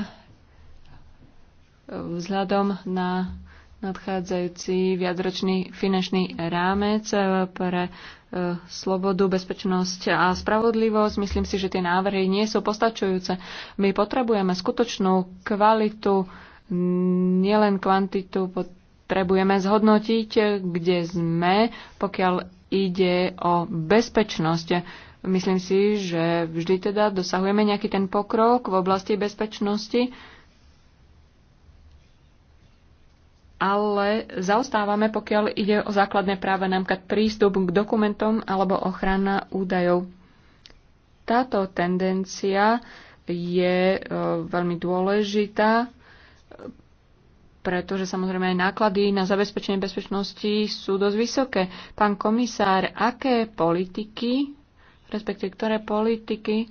Vzhľadom na nadchádzajúci viacročný finančný rámec eh, pre E, slobodu, bezpečnosť a spravodlivosť. Myslím si, že tie návrhy nie sú postačujúce. My potrebujeme skutočnú kvalitu, nielen kvantitu, potrebujeme zhodnotiť, kde sme, pokiaľ ide o bezpečnosť. Myslím si, že vždy teda dosahujeme nejaký ten pokrok v oblasti bezpečnosti ale zaostávame, pokiaľ ide o základné práva, napríklad prístup k dokumentom alebo ochrana údajov. Táto tendencia je e, veľmi dôležitá, pretože samozrejme aj náklady na zabezpečenie bezpečnosti sú dosť vysoké. Pán komisár, aké politiky, respektíve ktoré politiky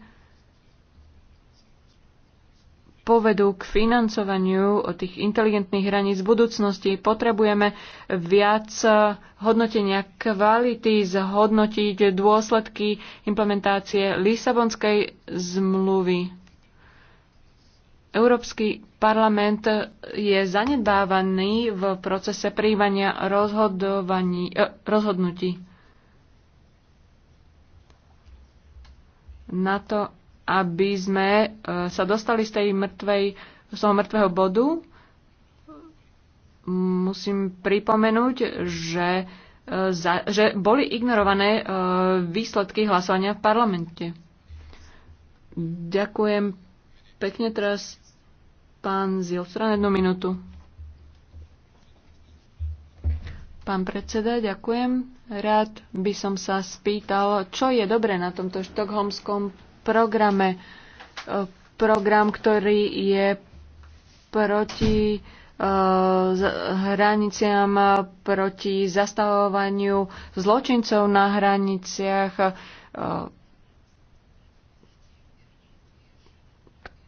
povedú k financovaniu tých inteligentných hraníc v budúcnosti. Potrebujeme viac hodnotenia kvality, zhodnotiť dôsledky implementácie Lisabonskej zmluvy. Európsky parlament je zanedbávaný v procese príjmania rozhodovaní, eh, rozhodnutí. Na to aby sme e, sa dostali z tej mŕtvej, z toho mŕtvého bodu. Musím pripomenúť, že, e, za, že boli ignorované e, výsledky hlasovania v parlamente. Ďakujem pekne teraz pán Zilstra na jednu minútu. Pán predseda, ďakujem. Rád by som sa spýtal, čo je dobre na tomto štokholmskom programe. E, program, ktorý je proti e, hraniciam, proti zastavovaniu zločincov na hraniciach, e,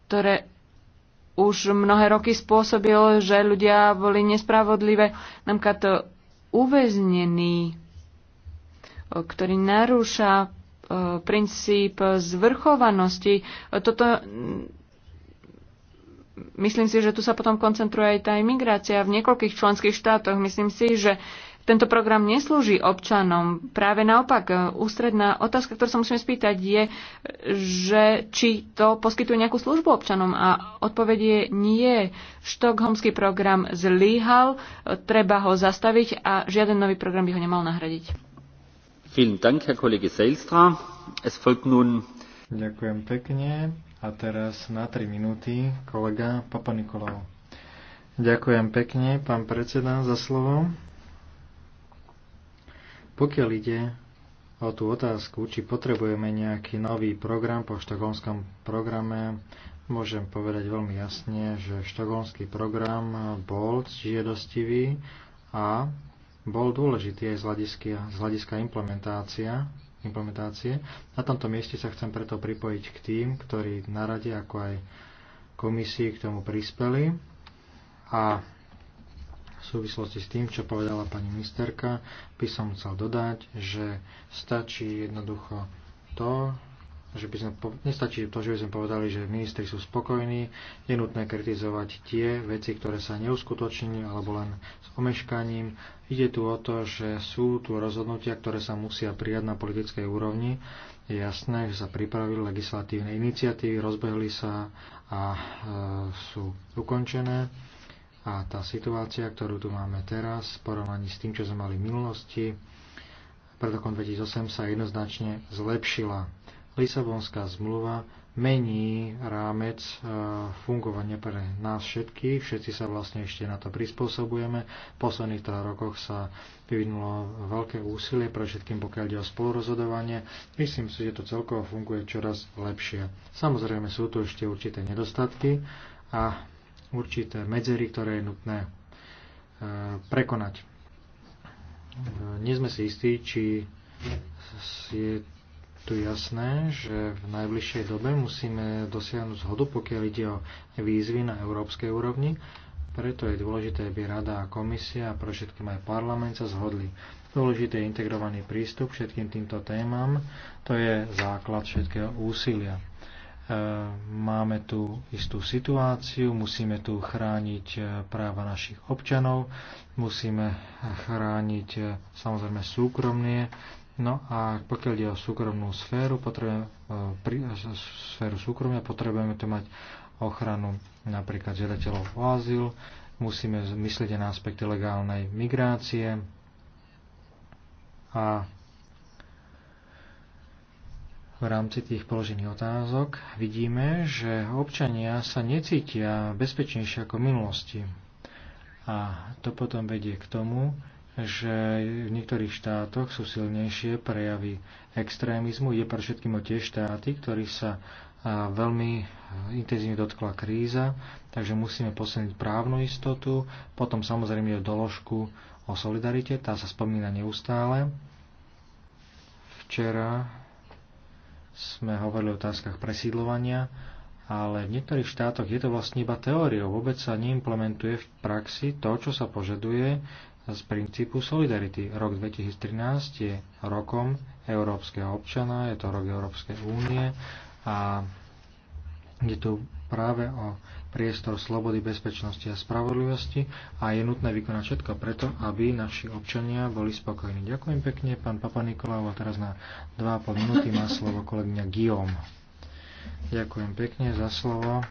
ktoré už mnohé roky spôsobilo, že ľudia boli nespravodlivé, to uväznený, ktorý narúša E, princíp zvrchovanosti. Toto myslím si, že tu sa potom koncentruje aj tá imigrácia v niekoľkých členských štátoch. Myslím si, že tento program neslúži občanom. Práve naopak, e, ústredná otázka, ktorú sa musíme spýtať, je, že či to poskytuje nejakú službu občanom. A odpoveď je nie. Štokholmský program zlyhal, e, treba ho zastaviť a žiaden nový program by ho nemal nahradiť. Ďakujem pekne. A teraz na 3 minúty kolega Papa Nikolov. Ďakujem pekne, pán predseda, za slovo. Pokiaľ ide o tú otázku, či potrebujeme nejaký nový program po štokholmskom programe, môžem povedať veľmi jasne, že štokholmský program bol žiadostivý a bol dôležitý aj z hľadiska, z hľadiska implementácia, implementácie. Na tomto mieste sa chcem preto pripojiť k tým, ktorí na rade ako aj komisii k tomu prispeli a v súvislosti s tým, čo povedala pani ministerka, by som chcel dodať, že stačí jednoducho to, že by sme, nestačí to, že by sme povedali, že ministri sú spokojní, je nutné kritizovať tie veci, ktoré sa neuskutoční alebo len s omeškaním. Ide tu o to, že sú tu rozhodnutia, ktoré sa musia prijať na politickej úrovni. Je jasné, že sa pripravili legislatívne iniciatívy, rozbehli sa a e, sú ukončené. A tá situácia, ktorú tu máme teraz, v porovnaní s tým, čo sme mali v minulosti, pred rokom 2008 sa jednoznačne zlepšila Lisabonská zmluva mení rámec e, fungovania pre nás všetkých. Všetci sa vlastne ešte na to prispôsobujeme. V posledných troch rokoch sa vyvinulo veľké úsilie pre všetkým, pokiaľ ide o spolurozhodovanie. Myslím si, že to celkovo funguje čoraz lepšie. Samozrejme sú tu ešte určité nedostatky a určité medzery, ktoré je nutné e, prekonať. E, nie sme si istí, či je tu jasné, že v najbližšej dobe musíme dosiahnuť zhodu, pokiaľ ide o výzvy na európskej úrovni. Preto je dôležité, aby Rada a Komisia a pre všetkým aj parlament sa zhodli. Dôležité je integrovaný prístup všetkým týmto témam. To je základ všetkého úsilia. E, máme tu istú situáciu, musíme tu chrániť e, práva našich občanov, musíme chrániť e, samozrejme súkromie No a pokiaľ ide o súkromnú sféru, potrebujeme, e, pri, e, sféru súkromia, potrebujeme tu mať ochranu napríklad žiadateľov o azyl, musíme myslieť aj na aspekty legálnej migrácie a v rámci tých položených otázok vidíme, že občania sa necítia bezpečnejšie ako v minulosti. A to potom vedie k tomu, že v niektorých štátoch sú silnejšie prejavy extrémizmu. Ide pre všetkým o tie štáty, ktorých sa veľmi e, intenzívne dotkla kríza, takže musíme posilniť právnu istotu, potom samozrejme je doložku o solidarite, tá sa spomína neustále. Včera sme hovorili o otázkach presídlovania, ale v niektorých štátoch je to vlastne iba teóriou. Vôbec sa neimplementuje v praxi to, čo sa požaduje z princípu solidarity. Rok 2013 je rokom európskeho občana, je to rok Európskej únie a je tu práve o priestor slobody, bezpečnosti a spravodlivosti a je nutné vykonať všetko preto, aby naši občania boli spokojní. Ďakujem pekne, pán Papa Nikolau, a teraz na 2,5 minúty má slovo kolegyňa Guillaume. Ďakujem pekne za slovo.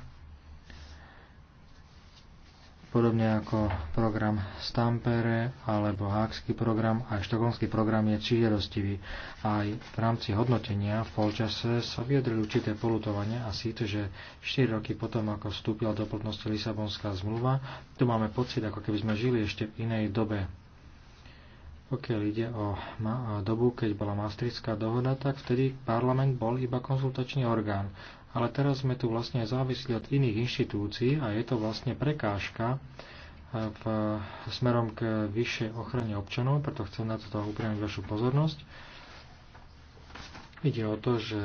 Podobne ako program Stampere alebo Hákský program, aj štokholmský program je čierostivý. Aj v rámci hodnotenia v polčase sa vyjadrili určité polutovanie a síto, že 4 roky potom, ako vstúpila do platnosti Lisabonská zmluva, tu máme pocit, ako keby sme žili ešte v inej dobe. Pokiaľ ide o dobu, keď bola Maastrichtská dohoda, tak vtedy parlament bol iba konzultačný orgán ale teraz sme tu vlastne závislí od iných inštitúcií a je to vlastne prekážka eh, v, smerom k vyššej ochrane občanov, preto chcem na toto upriamiť vašu pozornosť. Ide o to, že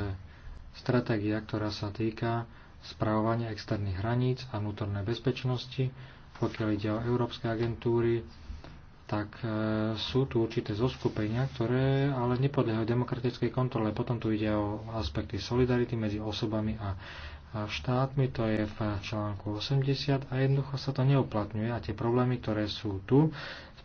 stratégia, ktorá sa týka spravovania externých hraníc a vnútornej bezpečnosti, pokiaľ ide o európske agentúry, tak e, sú tu určité zoskupenia, ktoré ale nepodliehajú demokratickej kontrole. Potom tu ide o aspekty solidarity medzi osobami a štátmi, to je v článku 80 a jednoducho sa to neuplatňuje a tie problémy, ktoré sú tu,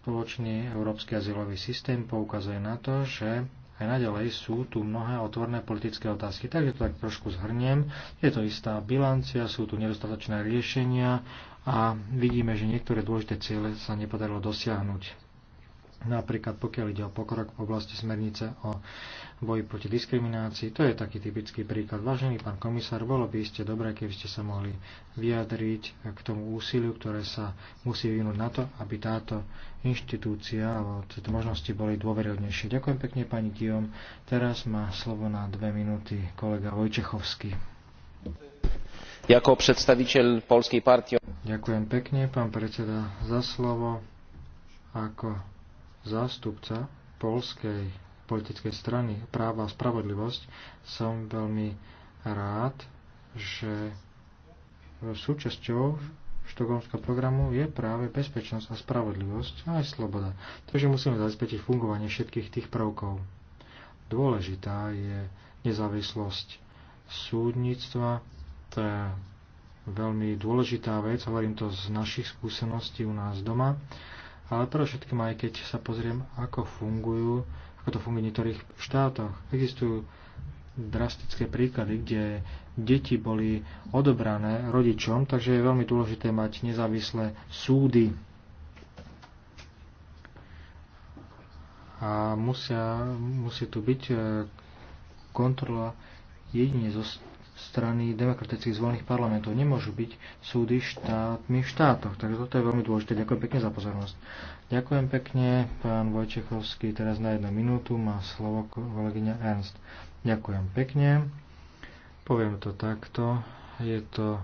spoločný európsky azylový systém poukazuje na to, že aj naďalej sú tu mnohé otvorné politické otázky. Takže to tak trošku zhrniem. Je to istá bilancia, sú tu nedostatočné riešenia a vidíme, že niektoré dôležité ciele sa nepodarilo dosiahnuť. Napríklad pokiaľ ide o pokrok v oblasti smernice o boji proti diskriminácii, to je taký typický príklad. Vážený pán komisár, bolo by ste dobré, keby ste sa mohli vyjadriť k tomu úsiliu, ktoré sa musí vyvinúť na to, aby táto inštitúcia alebo tieto možnosti boli dôveryhodnejšie. Ďakujem pekne, pani Kijom. Teraz má slovo na dve minúty kolega Vojčechovský ako predstaviteľ polskej partie. Ďakujem pekne, pán predseda, za slovo. Ako zástupca polskej politickej strany práva a spravodlivosť som veľmi rád, že súčasťou štokholmského programu je práve bezpečnosť a spravodlivosť a aj sloboda. Takže musíme zabezpečiť fungovanie všetkých tých prvkov. Dôležitá je nezávislosť súdnictva, to je veľmi dôležitá vec, hovorím to z našich skúseností u nás doma, ale pre všetkým aj keď sa pozriem, ako fungujú, ako to funguje v niektorých štátoch. Existujú drastické príklady, kde deti boli odobrané rodičom, takže je veľmi dôležité mať nezávislé súdy. A musia, musí tu byť eh, kontrola jedine zo strany demokratických zvolených parlamentov. Nemôžu byť súdy štátmi v štátoch. Takže toto je veľmi dôležité. Ďakujem pekne za pozornosť. Ďakujem pekne, pán Vojčechovský. Teraz na jednu minútu má slovo kolegyňa Ernst. Ďakujem pekne. Poviem to takto. Je to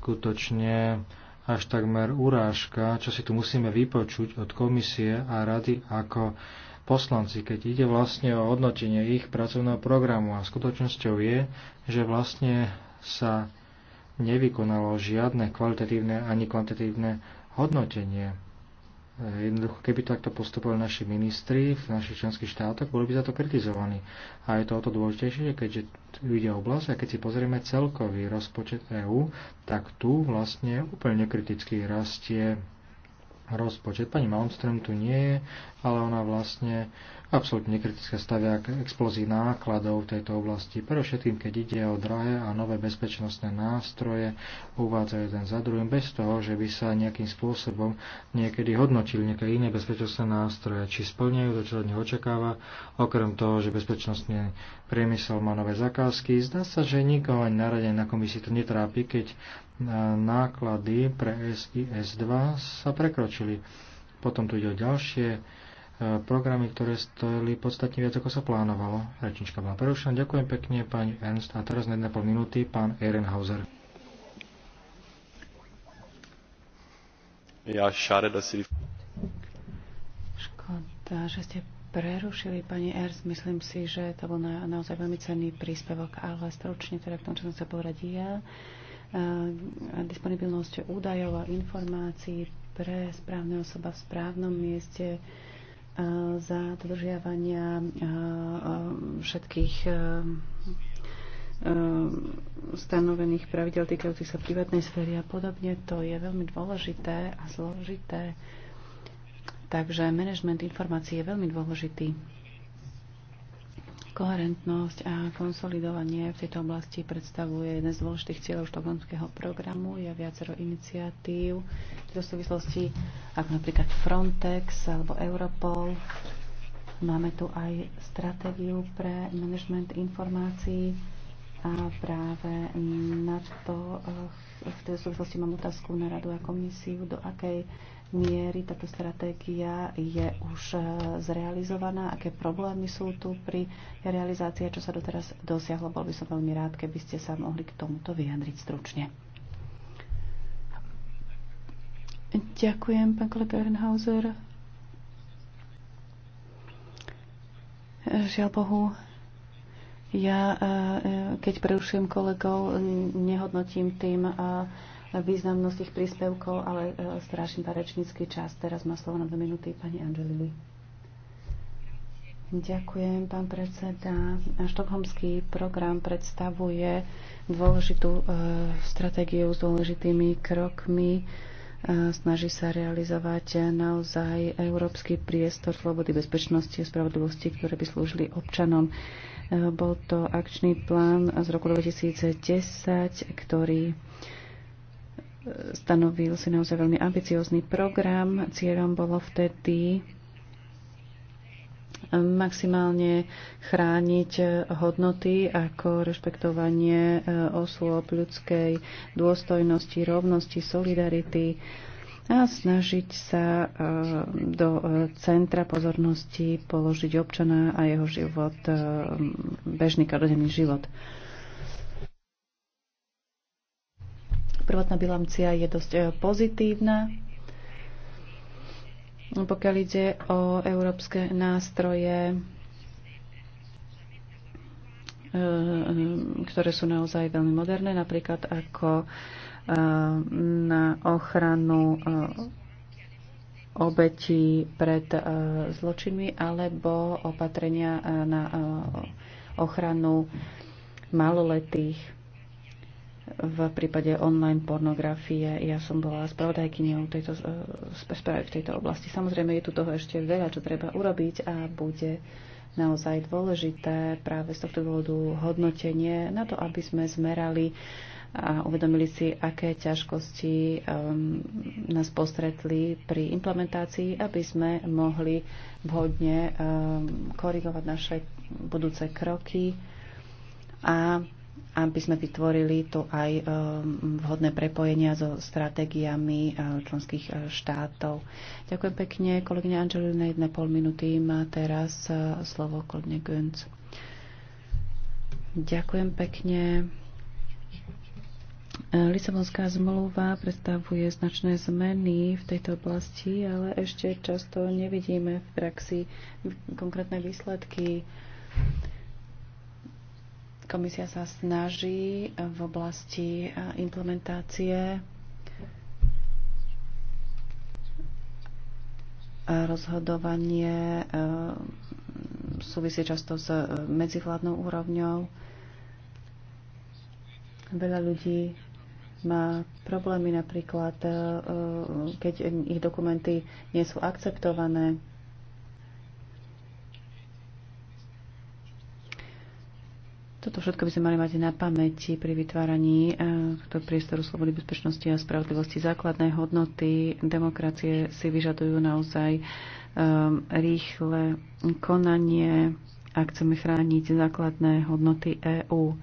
skutočne až takmer urážka, čo si tu musíme vypočuť od komisie a rady, ako poslanci, keď ide vlastne o hodnotenie ich pracovného programu. A skutočnosťou je, že vlastne sa nevykonalo žiadne kvalitatívne ani kvantitatívne hodnotenie. Jednoducho, keby takto postupovali naši ministri v našich členských štátoch, boli by za to kritizovaní. A je to o to dôležitejšie, že keďže ide oblasť a keď si pozrieme celkový rozpočet EÚ, tak tu vlastne úplne kriticky rastie rozpočet. Pani Malmström tu nie je, ale ona vlastne absolútne nekritické stavia k explózii nákladov v tejto oblasti. všetkým, keď ide o drahé a nové bezpečnostné nástroje, uvádzajú jeden za druhým, bez toho, že by sa nejakým spôsobom niekedy hodnotili nejaké iné bezpečnostné nástroje, či splňajú to, čo od nich očakáva, okrem toho, že bezpečnostný priemysel má nové zakázky. Zdá sa, že nikoho ani na rade na komisii to netrápi, keď e, náklady pre SIS-2 sa prekročili. Potom tu ide o ďalšie programy, ktoré stojili podstatne viac, ako sa plánovalo. Rečnička bola prerušená. Ďakujem pekne, pani Ernst. A teraz na 1,5 minúty pán Ehrenhauser. Ja šare, da si... Škoda, že ste prerušili, pani Ernst. Myslím si, že to bol na, naozaj veľmi cenný príspevok, ale stručne teda k tomu, čo som sa povedať ja. A disponibilnosť údajov a informácií pre správne osoba v správnom mieste za dodržiavania všetkých stanovených pravidel týkajúcich sa privátnej sféry a podobne. To je veľmi dôležité a zložité. Takže management informácií je veľmi dôležitý. Koherentnosť a konsolidovanie v tejto oblasti predstavuje jeden z dôležitých cieľov štokholmského programu. Je viacero iniciatív v tejto súvislosti, ako napríklad Frontex alebo Europol. Máme tu aj stratégiu pre management informácií a práve na to eh, v tej súvislosti mám otázku na radu a komisiu, do akej miery táto stratégia je už e, zrealizovaná, aké problémy sú tu pri realizácii, čo sa doteraz dosiahlo. Bol by som veľmi rád, keby ste sa mohli k tomuto vyjadriť stručne. Ďakujem, pán kolega Ehrenhauser. Žiaľ Bohu, ja, e, e, keď prerušujem kolegov, nehodnotím tým významnosť tých príspevkov, ale e, straším parečnícky čas. Teraz má slovo na dve minúty pani Angelili. Ďakujem, pán predseda. Štokholmský program predstavuje dôležitú e, stratégiu s dôležitými krokmi. E, snaží sa realizovať naozaj európsky priestor slobody, bezpečnosti a spravodlivosti, ktoré by slúžili občanom. E, bol to akčný plán z roku 2010, ktorý e, stanovil si naozaj veľmi ambiciózny program. Cieľom bolo vtedy eh, maximálne chrániť eh, hodnoty ako rešpektovanie eh, osôb ľudskej dôstojnosti, rovnosti, solidarity a snažiť sa do centra pozornosti položiť občana a jeho život, bežný každodenný život. Prvotná bilancia je dosť e, pozitívna. Pokiaľ ide o európske nástroje, e, e, ktoré sú naozaj veľmi moderné, napríklad ako na ochranu obetí pred zločinmi alebo opatrenia na ochranu maloletých v prípade online pornografie. Ja som bola spravodajkyňou tejto, e, správy v tejto oblasti. Samozrejme, je tu toho ešte veľa, čo treba urobiť a bude naozaj dôležité práve z tohto dôvodu hodnotenie na to, aby sme zmerali a uvedomili si, aké ťažkosti um, nás postretli pri implementácii, aby sme mohli vhodne um, korigovať naše budúce kroky a aby sme vytvorili tu aj eh, vhodné prepojenia so stratégiami eh, členských eh, štátov. Ďakujem pekne. Kolegyňa Angelina, Jedné pol minúty má teraz slovo kolegyne Gönc. Ďakujem pekne. Lisabonská zmluva predstavuje značné zmeny v tejto oblasti, ale ešte často nevidíme v praxi konkrétne výsledky. Komisia sa snaží v oblasti e, implementácie e, rozhodovanie e, súvisí často s medzivládnou úrovňou. Veľa ľudí má problémy napríklad, keď ich dokumenty nie sú akceptované. Toto všetko by sme mali mať na pamäti pri vytváraní e, tohto priestoru slobody, bezpečnosti a spravodlivosti. Základné hodnoty demokracie si vyžadujú naozaj um, rýchle konanie a chceme chrániť základné hodnoty EÚ.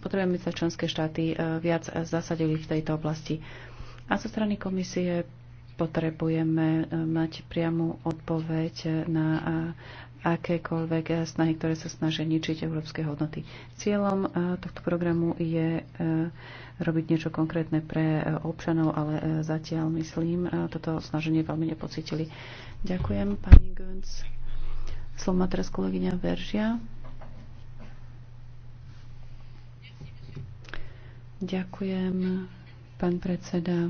Potrebujeme sa členské štáty e, viac zasadili v tejto oblasti. A zo strany komisie potrebujeme mať priamu odpoveď na akékoľvek snahy, ktoré sa snažia ničiť európske hodnoty. Cieľom e, tohto programu je e, robiť niečo konkrétne pre e, občanov, ale zatiaľ myslím, toto snaženie veľmi nepocitili. Ďakujem, pani Gönc. Slovo má teraz kolegyňa Veržia. Ďakujem, pán predseda.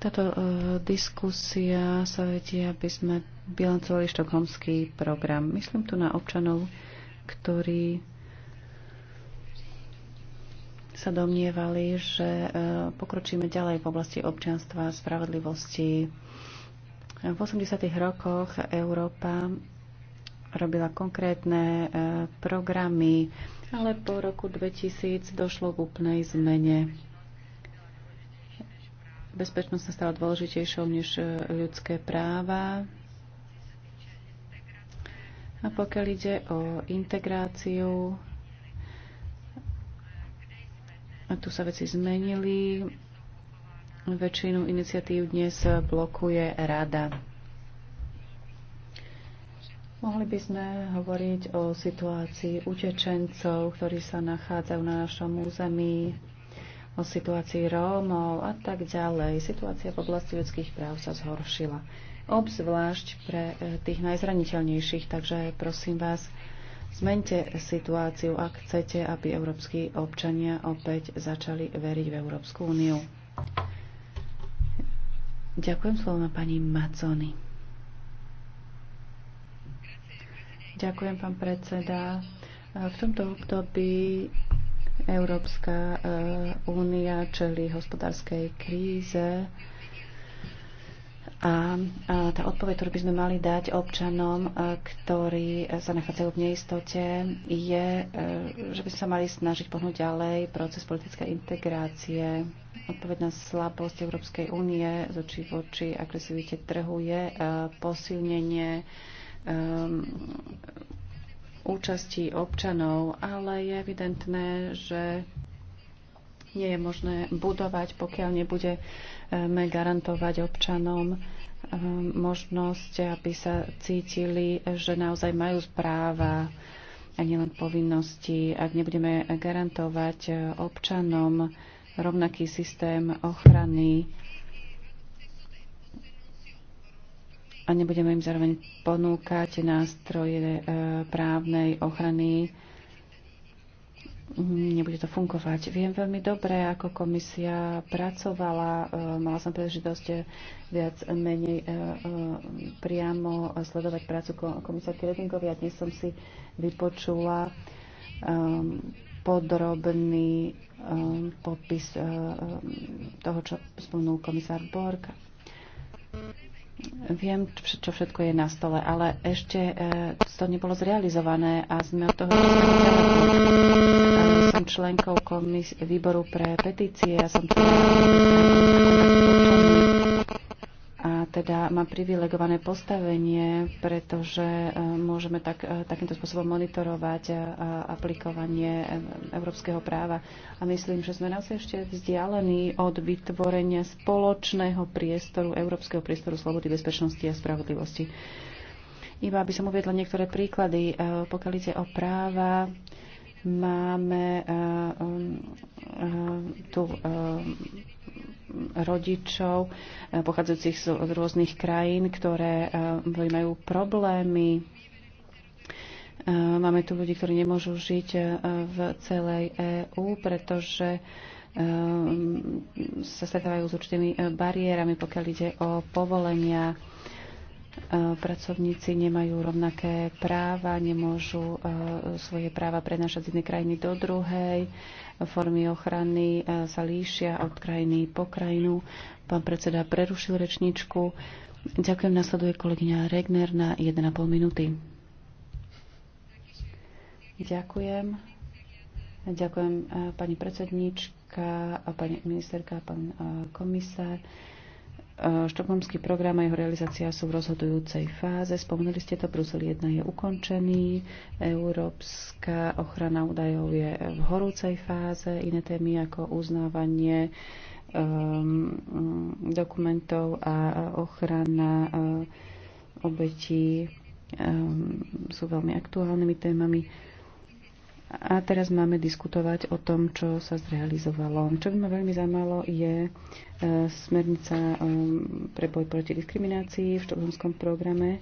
Táto uh, diskusia sa vedie, aby sme bilancovali štokholmský program. Myslím tu na občanov, ktorí sa domnievali, že e, pokročíme ďalej v oblasti občianstva, spravodlivosti. V 80. rokoch Európa robila konkrétne e, programy, ale po roku 2000 došlo k úplnej zmene. Bezpečnosť sa stala dôležitejšou než e, ľudské práva, a pokiaľ ide o integráciu, tu sa veci zmenili. Väčšinu iniciatív dnes blokuje rada. Mohli by sme hovoriť o situácii utečencov, ktorí sa nachádzajú na našom území, o situácii Rómov a tak ďalej. Situácia v oblasti ľudských práv sa zhoršila obzvlášť pre e, tých najzraniteľnejších. Takže prosím vás, zmente situáciu, ak chcete, aby európsky občania opäť začali veriť v Európsku úniu. Ďakujem slovo na pani Macony. Ďakujem, pán predseda. E, v tomto období Európska e, únia čeli hospodárskej kríze a tá odpoveď, ktorú by sme mali dať občanom, ktorí sa nachádzajú v neistote, je, e, že by sme sa mali snažiť pohnúť ďalej proces politickej integrácie. Odpoveď na slabosť Európskej únie z očí v oči agresivite trhu je e, posilnenie um, účasti občanov, ale je evidentné, že nie je možné budovať, pokiaľ nebudeme eh, garantovať občanom eh, možnosť, aby sa cítili, že naozaj majú práva a nielen povinnosti. Ak nebudeme garantovať eh, občanom rovnaký systém ochrany a nebudeme im zároveň ponúkať nástroje právnej ochrany, nebude to fungovať. Viem veľmi dobre, ako komisia pracovala. Eh, mala som príležitosť eh, viac eh, menej priamo sledovať prácu komisárky Redingovi a dnes som si vypočula podrobný popis toho, čo spomenul komisár Borg. Viem, čo všetko je na stole, ale ešte e, to nebolo zrealizované a sme od toho som členkou komis- výboru pre petície a ja som členkou teda má privilegované postavenie, pretože e, môžeme tak, e, takýmto spôsobom monitorovať e, aplikovanie európskeho práva. A myslím, že sme naozaj ešte vzdialení od vytvorenia spoločného priestoru, európskeho priestoru slobody, bezpečnosti a spravodlivosti. Iba aby som uviedla niektoré príklady, pokiaľ ide o práva, máme um, tu rodičov eh, pochádzajúcich z rôznych krajín, ktoré eh, majú problémy. Eh, máme tu ľudí, ktorí nemôžu žiť v celej EÚ, pretože sa stretávajú s určitými bariérami, pokiaľ ide o povolenia. Pracovníci nemajú rovnaké práva, nemôžu svoje práva prenášať z jednej krajiny do druhej formy ochrany e, sa líšia od krajiny po krajinu. Pán predseda prerušil rečničku. Ďakujem, nasleduje kolegyňa Regner na 1,5 minúty. Ďakujem. Ďakujem e, pani predsedníčka, pani ministerka, pán e, komisár. E, štokholmský program a jeho realizácia sú v rozhodujúcej fáze. Spomenuli ste to, Brusel 1 je ukončený, európska ochrana údajov je v horúcej fáze, iné témy ako uznávanie um, dokumentov a ochrana um, obetí um, sú veľmi aktuálnymi témami. A teraz máme diskutovať o tom, čo sa zrealizovalo. Čo by ma veľmi zaujímalo je e, smernica e, pre boj proti diskriminácii v štokholmskom programe. E,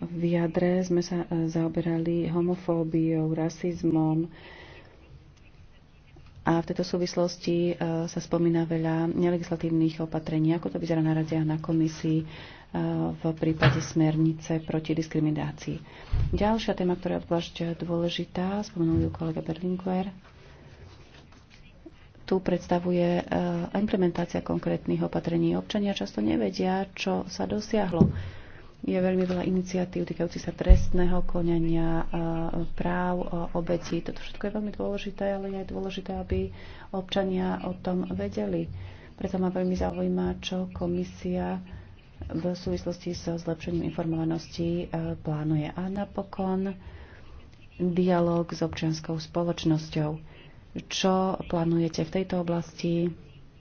v jadre sme sa zaoberali homofóbiou, rasizmom, a v tejto súvislosti sa spomína veľa nelegislatívnych opatrení. Ako to vyzerá na rade a na komisii? v prípade smernice proti diskriminácii. Ďalšia téma, ktorá je obzvlášť dôležitá, spomenul ju kolega Berlinguer, tu predstavuje e, implementácia konkrétnych opatrení. Občania často nevedia, čo sa dosiahlo. Je veľmi veľa iniciatív týkajúcich sa trestného konania, e, práv e, obetí. Toto všetko je veľmi dôležité, ale je dôležité, aby občania o tom vedeli. Preto ma veľmi zaujíma, čo komisia v súvislosti so zlepšením informovanosti e, plánuje. A napokon dialog s občianskou spoločnosťou. Čo plánujete v tejto oblasti?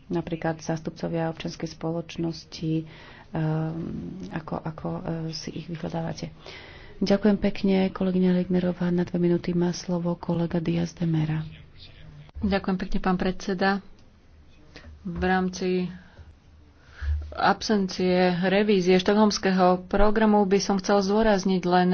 Napríklad zástupcovia občianskej spoločnosti, e, ako, ako e, si ich vyhľadávate. Ďakujem pekne. Kolegyňa Legnerová na dve minúty má slovo kolega Diaz de Mera. Ďakujem pekne, pán predseda. V rámci absencie revízie štokholmského programu by som chcel zdôrazniť len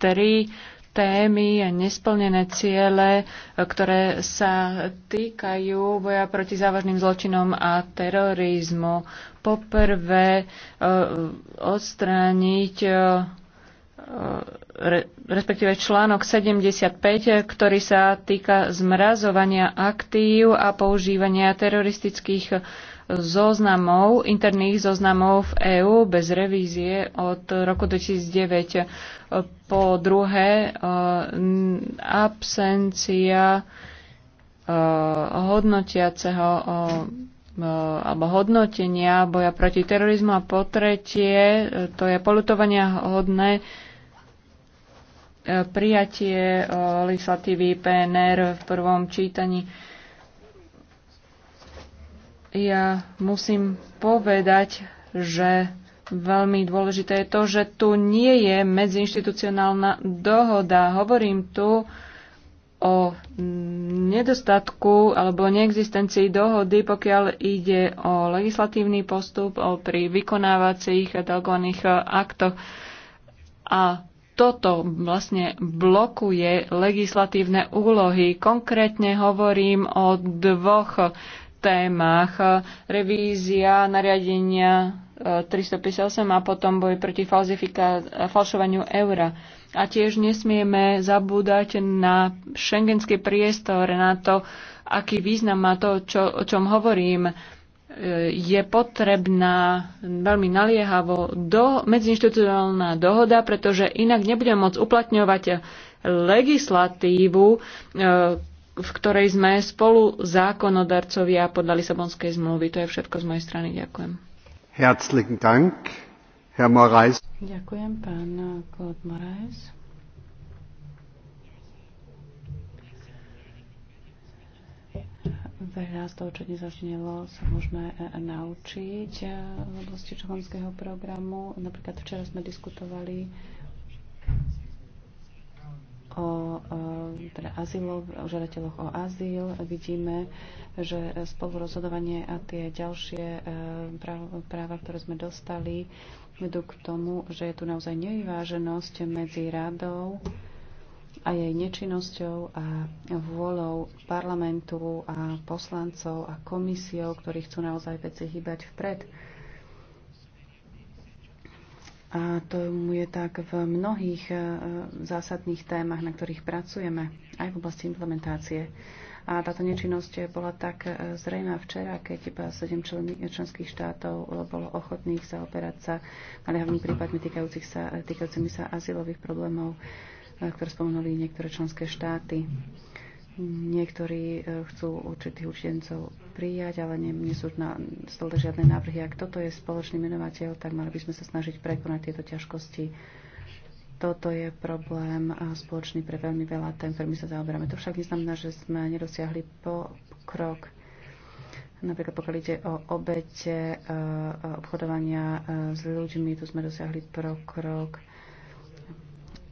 tri témy a nesplnené ciele, ktoré sa týkajú boja proti závažným zločinom a terorizmu. Poprvé e, odstrániť e, respektíve článok 75, ktorý sa týka zmrazovania aktív a používania teroristických zoznamov, interných zoznamov v EÚ bez revízie od roku 2009. Po druhé, eh, absencia eh, hodnotiaceho eh, alebo hodnotenia boja proti terorizmu a po tretie, to je polutovania hodné prijatie legislatívy PNR v prvom čítaní. Ja musím povedať, že veľmi dôležité je to, že tu nie je medziinstitucionálna dohoda. Hovorím tu o nedostatku alebo neexistencii dohody, pokiaľ ide o legislatívny postup o pri vykonávacích a delegovaných aktoch. A toto vlastne blokuje legislatívne úlohy. Konkrétne hovorím o dvoch témach. Revízia nariadenia 358 e, a potom boj proti falšovaniu eura. A tiež nesmieme zabúdať na šengenský priestor, na to, aký význam má to, čo, o čom hovorím. E, je potrebná veľmi naliehavo do, medzinstitucionálna dohoda, pretože inak nebudeme môcť uplatňovať legislatívu, e, v ktorej sme spolu zákonodarcovia podľa Lisabonskej zmluvy. To je všetko z mojej strany. Ďakujem. Herzlichen Dank, Herr Moraes. Ďakujem, pán Claude Moraes. Veľa z toho, čo dnes zaznelo, sa môžeme e, naučiť e, v oblasti členského programu. Napríklad včera sme diskutovali o teda azylov, o žiadateľoch o azyl. Vidíme, že spolurozhodovanie a tie ďalšie e, práva, ktoré sme dostali, vedú k tomu, že je tu naozaj nevyváženosť medzi radou a jej nečinnosťou a vôľou parlamentu a poslancov a komisiou, ktorí chcú naozaj veci hýbať vpred. A to je tak v mnohých e, zásadných témach, na ktorých pracujeme, aj v oblasti implementácie. A táto nečinnosť bola tak e, zrejmá včera, keď iba sedem e, členských štátov bolo ochotných zaoberať sa naliehavými prípadmi týkajúcich sa, týkajúcimi sa azylových problémov, ktoré spomenuli niektoré členské štáty. Niektorí e, chcú určitých učencov prijať, ale nie, nie sú na stole žiadne návrhy. Ak toto je spoločný menovateľ, tak mali by sme sa snažiť prekonať tieto ťažkosti. Toto je problém spoločný pre veľmi veľa tém, ktorými sa zaoberáme. To však neznamená, že sme nedosiahli pokrok. Napríklad pokiaľ ide o obete e, obchodovania e, s ľuďmi, tu sme dosiahli pokrok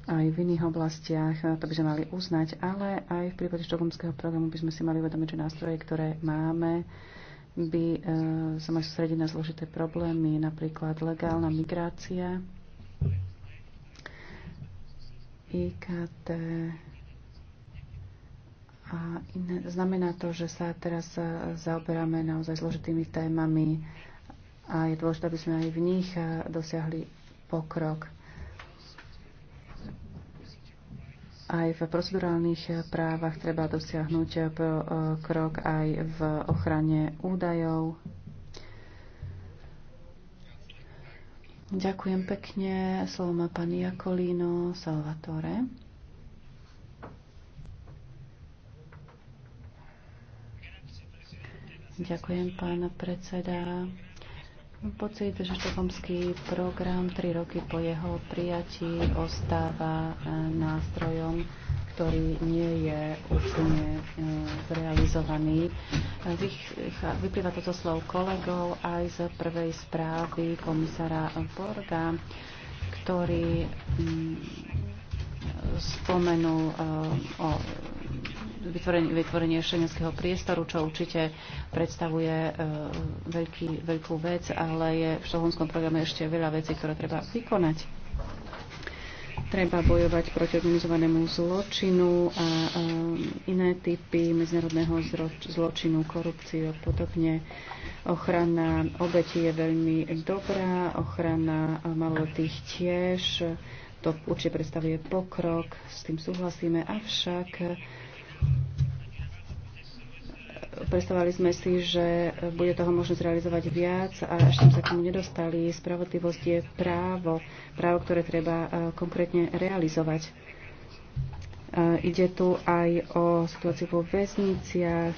aj v iných oblastiach, eh, to by sme mali uznať, ale aj v prípade štokholmského programu by sme si mali uvedomiť, že nástroje, ktoré máme, by eh, sa mali sústrediť na zložité problémy, napríklad legálna migrácia, IKT a iné. Znamená to, že sa teraz eh, zaoberáme naozaj zložitými témami a je dôležité, aby sme aj v nich dosiahli pokrok. Aj v procedurálnych právach treba dosiahnuť eh, eh, krok aj v ochrane údajov. Ďakujem pekne. Slovo má pani Jakolino Salvatore. Ďakujem, pán predseda pocit, že štokholmský program tri roky po jeho prijatí ostáva e, nástrojom, ktorý nie je úplne e, zrealizovaný. E, vyplýva to zo slov kolegov aj z prvej správy komisára Borga, ktorý mm, spomenul o vytvorenie, vytvorenie šengenského priestoru, čo určite predstavuje e, veľký, veľkú vec, ale je v štokholmskom programe ešte veľa vecí, ktoré treba vykonať. Treba bojovať proti organizovanému zločinu a e, iné typy medzinárodného zločinu, korupciu a podobne. Ochrana obetí je veľmi dobrá, ochrana e, maloletých tiež. To určite predstavuje pokrok, s tým súhlasíme, avšak Predstavovali sme si, že bude toho možno zrealizovať viac a až sme sa k tomu nedostali. Spravodlivosť je právo, právo, ktoré treba eh, konkrétne realizovať. Eh, ide tu aj o situáciu vo väzniciach,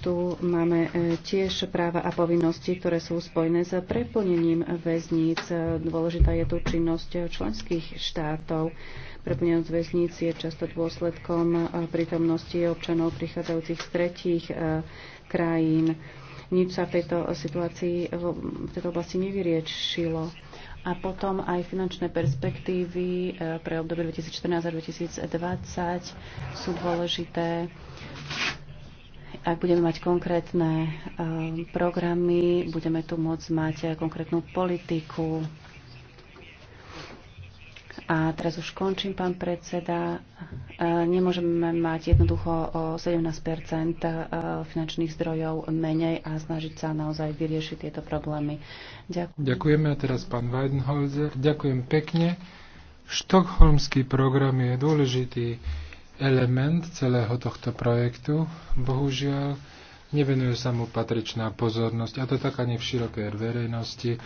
Tu máme e, tiež práva a povinnosti, ktoré sú spojené s preplnením väzníc. Dôležitá je tu činnosť členských štátov. Preplnenosť väzníc je často dôsledkom e, prítomnosti občanov prichádzajúcich z tretích e, krajín. Nič sa v tejto situácii, v tejto oblasti nevyriešilo. A potom aj finančné perspektívy pre obdobie 2014 a 2020 sú dôležité ak budeme mať konkrétne eh, programy, budeme tu môcť mať konkrétnu politiku. A teraz už končím, pán predseda. Eh, nemôžeme mať jednoducho o 17 eh, finančných zdrojov menej a snažiť sa naozaj vyriešiť tieto problémy. Ďakujem. Ďakujeme a teraz pán Weidenholzer. Ďakujem pekne. Štokholmský program je dôležitý element celého tohto projektu. Bohužiaľ, nevenujú sa mu patričná pozornosť, a to tak ani v širokej verejnosti,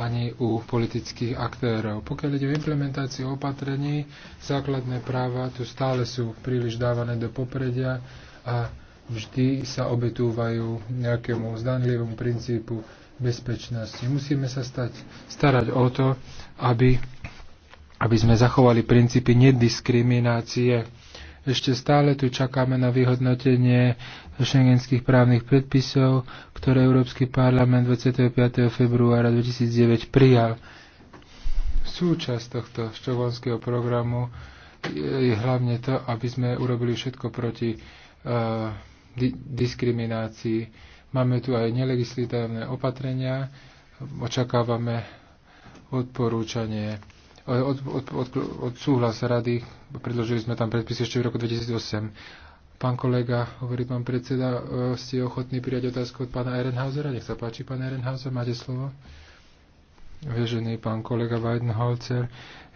ani u politických aktérov. Pokiaľ ide o implementáciu opatrení, základné práva tu stále sú príliš dávané do popredia a vždy sa obetúvajú nejakému zdanlivému princípu bezpečnosti. Musíme sa stať, starať o to, aby, aby sme zachovali princípy nediskriminácie ešte stále tu čakáme na vyhodnotenie šengenských právnych predpisov, ktoré Európsky parlament 25. februára 2009 prijal. Súčasť tohto štokholmského programu je hlavne to, aby sme urobili všetko proti uh, di- diskriminácii. Máme tu aj nelegislatívne opatrenia, očakávame odporúčanie od, od, od, od, od súhlas rady Predložili sme tam predpisy ešte v roku 2008. Pán kolega, hovorí pán predseda, e, ste ochotní prijať otázku od pána Ehrenhausera? Nech sa páči, pán Ehrenhauser, máte slovo. Vežený pán kolega Weidenholzer,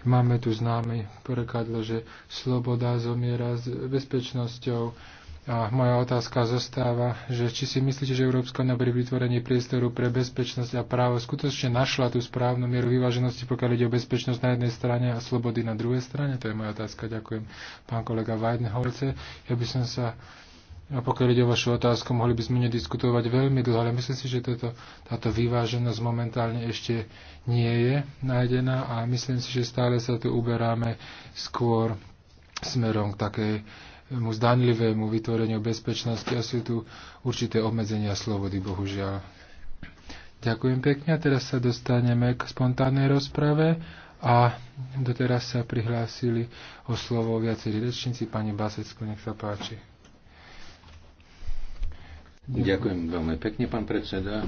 máme tu známe porekadlo, že sloboda zomiera s bezpečnosťou a moja otázka zostáva, že či si myslíte, že Európska únia pri vytvorení priestoru pre bezpečnosť a právo skutočne našla tú správnu mieru vyváženosti, pokiaľ ide o bezpečnosť na jednej strane a slobody na druhej strane? To je moja otázka. Ďakujem, pán kolega Weidenholce. Ja by som sa a pokiaľ ide o vašu otázku, mohli by sme nediskutovať veľmi dlho, ale myslím si, že toto, táto vyváženosť momentálne ešte nie je nájdená a myslím si, že stále sa tu uberáme skôr smerom k takej mu zdanlivému vytvoreniu bezpečnosti a sú tu určité obmedzenia slobody, bohužiaľ. Ďakujem pekne a teraz sa dostaneme k spontánnej rozprave a doteraz sa prihlásili o slovo viacerí rečníci. Pani Basecku, nech sa páči. Ďakujem. Ďakujem veľmi pekne, pán predseda.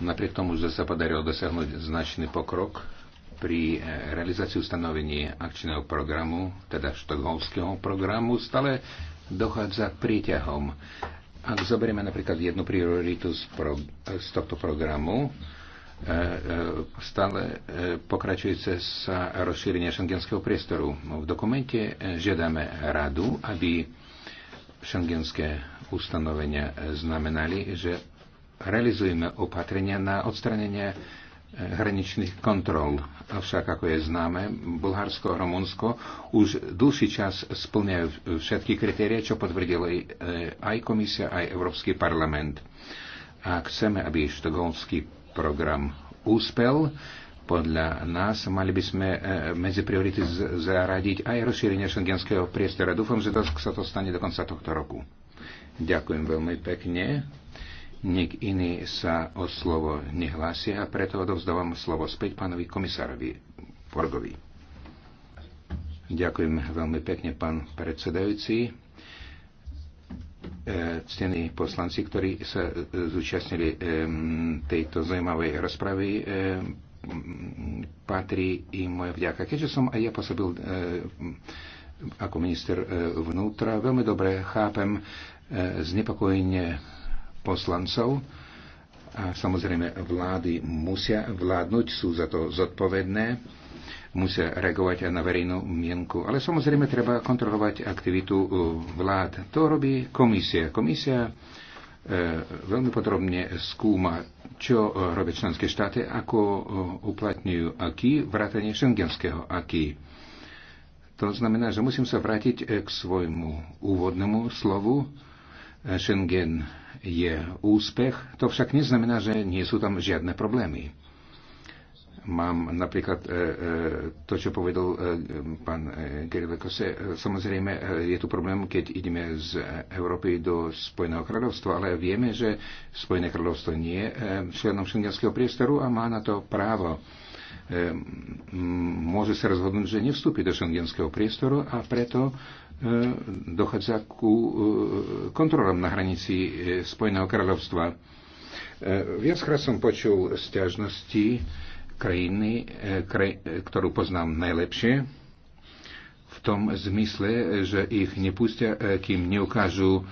Napriek tomu, že sa podarilo dosiahnuť značný pokrok pri eh, realizácii ustanovení akčného programu, teda štokholmského programu, stále dochádza k príťahom. Ak zoberieme napríklad jednu prioritu z, pro, z tohto programu, eh, eh, stále pokračujúce sa rozšírenie šengenského priestoru. No, v dokumente žiadame radu, aby šengenské ustanovenia znamenali, že realizujeme opatrenia na odstranenie hraničných kontrol Avšak, ako je známe, Bulharsko a Rumunsko už dlhší čas splňajú všetky kritérie, čo potvrdili eh, aj komisia, aj Európsky parlament. A chceme, aby štokholmský program úspel, podľa nás mali by sme eh, medzi priority zaradiť aj rozšírenie šengenského priestora. Dúfam, že to sa to stane do konca tohto roku. Ďakujem veľmi pekne. Nik iný sa o slovo nehlási a preto odovzdávam slovo späť pánovi komisárovi Forgovi. Ďakujem veľmi pekne, pán predsedajúci. E, ctení poslanci, ktorí sa zúčastnili e, tejto zaujímavej rozpravy, e, patrí i moja vďaka. Keďže som aj ja posobil ako minister vnútra, veľmi dobre chápem znepokojenie poslancov a samozrejme vlády musia vládnuť, sú za to zodpovedné, musia reagovať aj na verejnú mienku. Ale samozrejme treba kontrolovať aktivitu uh, vlád. To robí komisia. Komisia uh, veľmi podrobne skúma, čo uh, robia členské štáty, ako uplatňujú aký, vrátanie šengenského aký. To znamená, že musím sa vrátiť eh, k svojmu úvodnému slovu. Eh, Schengen je úspech, to však neznamená, že nie sú tam žiadne problémy. Mám napríklad e, e, to, čo povedal e, pán Gerilo Kose. Samozrejme, je tu problém, keď ideme z Európy do Spojeného kráľovstva, ale vieme, že Spojené kráľovstvo nie je členom šengenského priestoru a má na to právo môže sa rozhodnúť, že nevstúpi do šengenského priestoru a preto E, dochádza ku e, kontrolám na hranici e, Spojeného kráľovstva. Viackrát som počul stiažnosti krajiny, kraj, ktorú poznám najlepšie, v tom zmysle, že ich nepustia, kým neukážu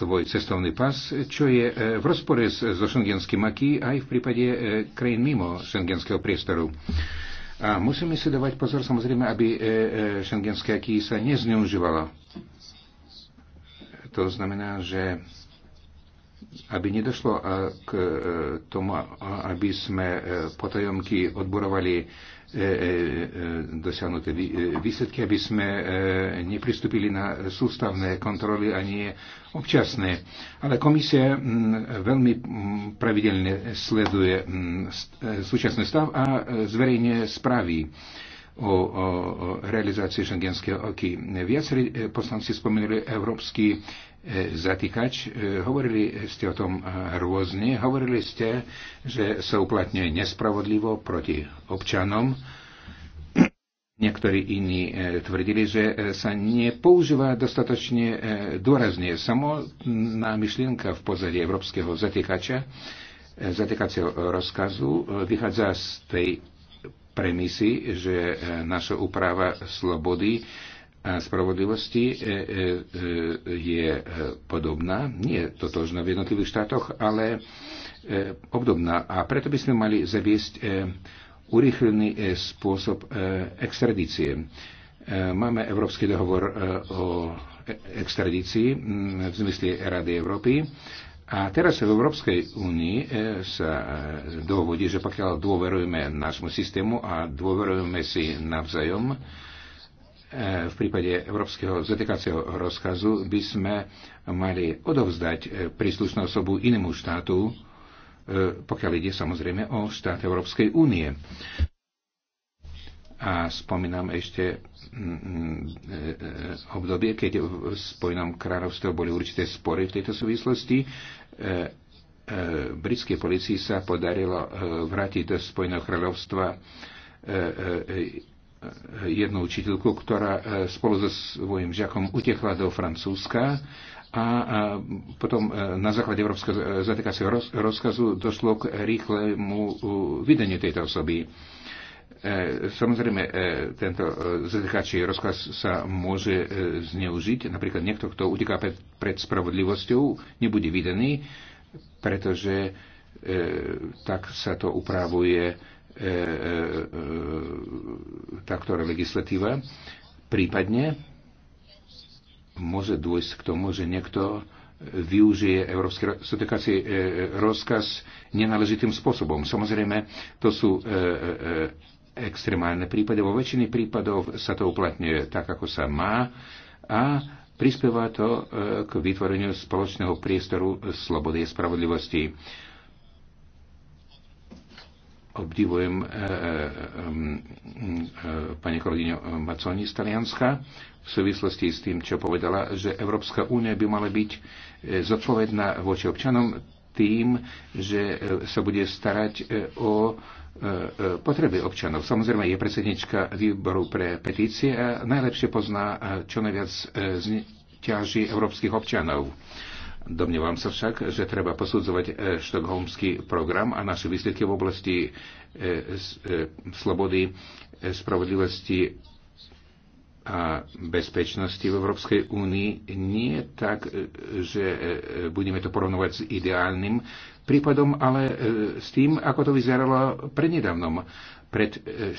svoj cestovný pas, čo je v rozpore so šengenským aký aj v prípade krajín mimo šengenského priestoru. A musíme si dávať pozor samozrejme, aby e, e, šengenské aký sa nezneužívalo. To znamená, že aby nedošlo k e, tomu, aby sme potajomky odborovali dosiahnuté výsledky, aby sme nepristúpili na sústavné kontroly a nie občasné. Ale komisia veľmi pravidelne sleduje mm, e, súčasný stav a e, zverejne správy o, o realizácii šengenského oky. Viacerí e, poslanci spomenuli európsky zatýkač. Hovorili ste o tom rôzne. Hovorili ste, že sa uplatňuje nespravodlivo proti občanom Niektorí iní e, tvrdili, že e, sa nepoužíva dostatočne e, dôrazne samotná myšlienka v pozadí európskeho zatýkača, zatýkacieho rozkazu vychádza z tej premisy, že naša úprava slobody a spravodlivosti je podobná, nie totožná v jednotlivých štátoch, ale obdobná. A preto by sme mali zaviesť urychlený e, spôsob e, extradície. E, máme Európsky dohovor o extradícii mm, v zmysle Rady Európy. A teraz v Európskej únii sa dohodí, že pokiaľ dôverujeme nášmu systému a dôverujeme si navzájom, v prípade Európskeho zatekacieho rozkazu by sme mali odovzdať príslušnú osobu inému štátu, E, pokiaľ ide samozrejme o štát Európskej únie. A spomínam ešte mm, mm, e, e, obdobie, keď v Spojenom kráľovstve boli určité spory v tejto súvislosti britskej policii sa podarilo vrátiť do Spojeného kráľovstva jednu učiteľku, ktorá spolu so svojím žiakom utekla do Francúzska a potom e, na základe európskeho zatýkacieho rozkazu došlo k rýchlemu vydaniu tejto osoby. E, samozrejme, e, tento zatýkačí rozkaz sa môže zneužiť. Napríklad niekto, kto uteká pred spravodlivosťou, nebude vydaný, pretože tak sa to upravuje takto legislatíva. Prípadne môže dôjsť k tomu, že niekto využije európske certifikácie e, rozkaz nenáležitým spôsobom. Samozrejme, to sú e, e, extrémálne prípady. Vo väčšine prípadov sa to uplatňuje tak, ako sa má a prispieva to k vytvoreniu spoločného priestoru slobody a spravodlivosti obdivujem e, e, e, pani kolegyňu Maconi z Talianska v súvislosti s tým, čo povedala, že Európska únia by mala byť zodpovedná voči občanom tým, že sa bude starať o potreby občanov. Samozrejme je predsednička výboru pre petície a najlepšie pozná čo najviac ťaží európskych občanov. Domnievam sa však, že treba posudzovať e, štokholmský program a naše výsledky v oblasti e, e, slobody, spravodlivosti a bezpečnosti v Európskej únii nie tak, že budeme to porovnovať s ideálnym prípadom, ale s tým, ako to vyzeralo prednedávnom. Pred 4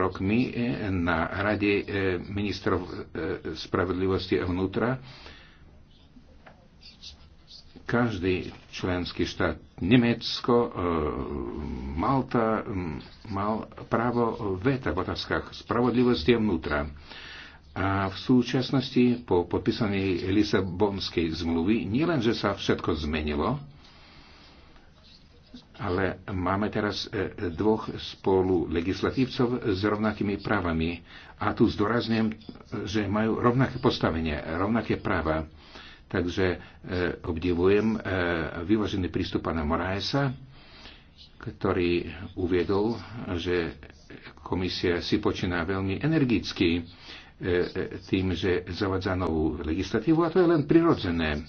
rokmi na Rade ministrov spravodlivosti a vnútra každý členský štát, Nemecko, e, Malta, mal právo veta v otázkach spravodlivosti a vnútra. A v súčasnosti, po podpísaní Lisabonskej zmluvy, nielenže sa všetko zmenilo, ale máme teraz e, dvoch spolu legislatívcov s rovnakými právami. A tu zdôrazňujem, že majú rovnaké postavenie, rovnaké práva. Takže e, obdivujem e, vyvážený prístup pána Moraesa, ktorý uviedol, že komisia si počína veľmi energicky e, tým, že zavadza novú legislatívu a to je len prirodzené.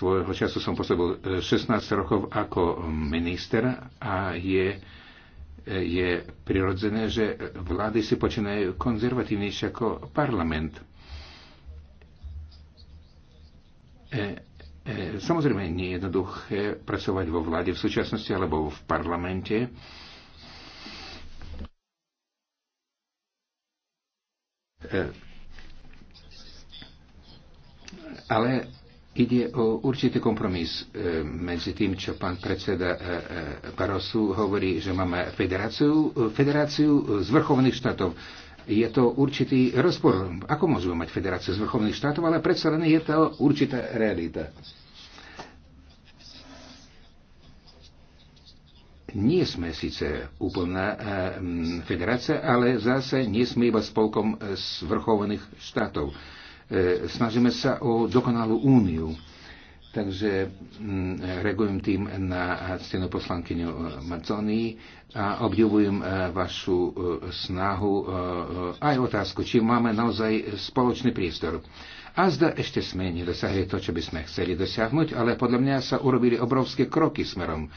Svojho času som pôsobil 16 rokov ako minister a je, je prirodzené, že vlády si počínajú konzervatívnejšie ako parlament. E, e, samozrejme, nie je jednoduché pracovať vo vláde v súčasnosti alebo v parlamente. E, ale ide o určitý kompromis medzi tým, čo pán predseda Barosu hovorí, že máme federáciu, federáciu zvrchovaných štátov je to určitý rozpor. Ako môžeme mať federáciu z vrchovných štátov, ale predsa len je to určitá realita. Nie sme síce úplná eh, mm, federácia, ale zase nie sme iba spolkom z vrchovných štátov. Eh, snažíme sa o dokonalú úniu Takže mm, reagujem tým na stenu poslankyňu eh, Marconi a obdivujem eh, vašu eh, snahu aj otázku, či máme naozaj spoločný priestor. A zda ešte sme nedosahli to, čo by sme chceli dosiahnuť, ale podľa mňa sa urobili obrovské kroky smerom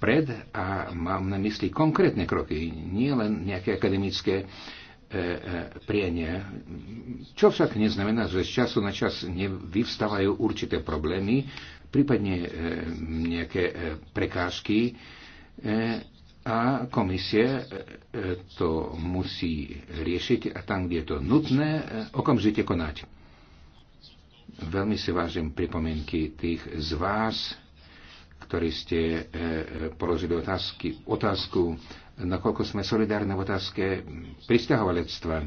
vpred a mám na mysli konkrétne kroky, nie len nejaké akademické E, e, prienie, čo však neznamená, že z času na čas nevyvstávajú určité problémy, prípadne e, nejaké prekážky a komisie to musí riešiť a tam, kde je to nutné, okamžite konať. Veľmi si vážim pripomienky tých z vás, ktorí ste položili otázky, otázku nakoľko sme solidárne v otázke pristahovalectva.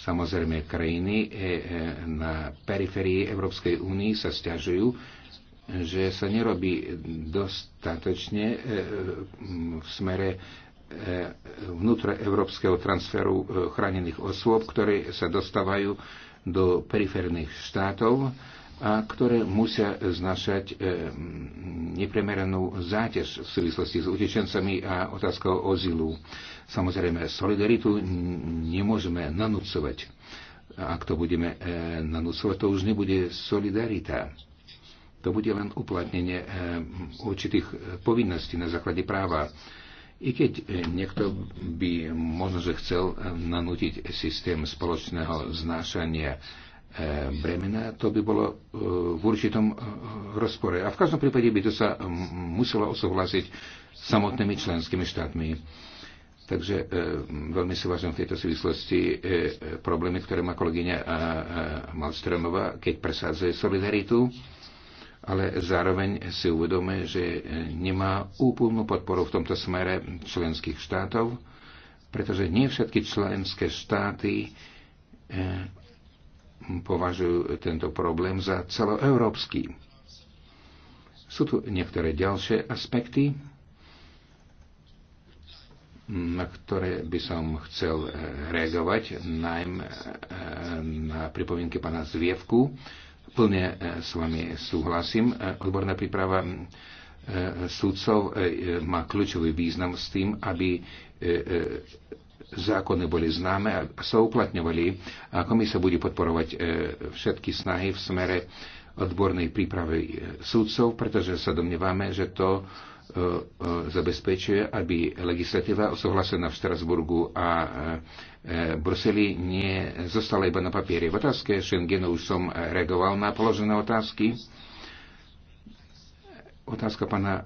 Samozrejme, krajiny e, e, na periférii Európskej únii sa stiažujú, že sa nerobí dostatočne e, v smere vnútroevropského európskeho transferu chránených osôb, ktoré sa dostávajú do periférnych štátov a ktoré musia znašať e, nepremeranú záťaž v súvislosti s utečencami a otázkou ozilu. Samozrejme, solidaritu nemôžeme nanúcovať. Ak to budeme e, nanúcovať, to už nebude solidarita. To bude len uplatnenie e, určitých e, povinností na základe práva. I keď e, niekto by možno, že chcel e, nanútiť systém spoločného znášania E, bremena, to by bolo e, v určitom e, rozpore. A v každom prípade by to sa muselo osúhlasiť samotnými členskými štátmi. Takže veľmi si vážim v tejto súvislosti problémy, ktoré má kolegyňa Malstromová, keď presádzuje solidaritu, ale zároveň si uvedome, že nemá úplnú podporu v tomto smere členských štátov, pretože nie všetky členské štáty považujú tento problém za celoeurópsky. Sú tu niektoré ďalšie aspekty, na ktoré by som chcel eh, reagovať, najmä eh, na pripomienky pána Zvievku. Plne eh, s vami súhlasím. Odborná príprava súdcov má kľúčový význam s tým, aby zákony boli známe a sa uplatňovali a komisia bude podporovať e, všetky snahy v smere odbornej prípravy e, súdcov, pretože sa domnievame, že to e, zabezpečuje, aby legislatíva osúhlasená v Štrasburgu a Bruseli nie zostala iba na papieri. V otázke Schengenu už som reagoval na položené otázky. Otázka pana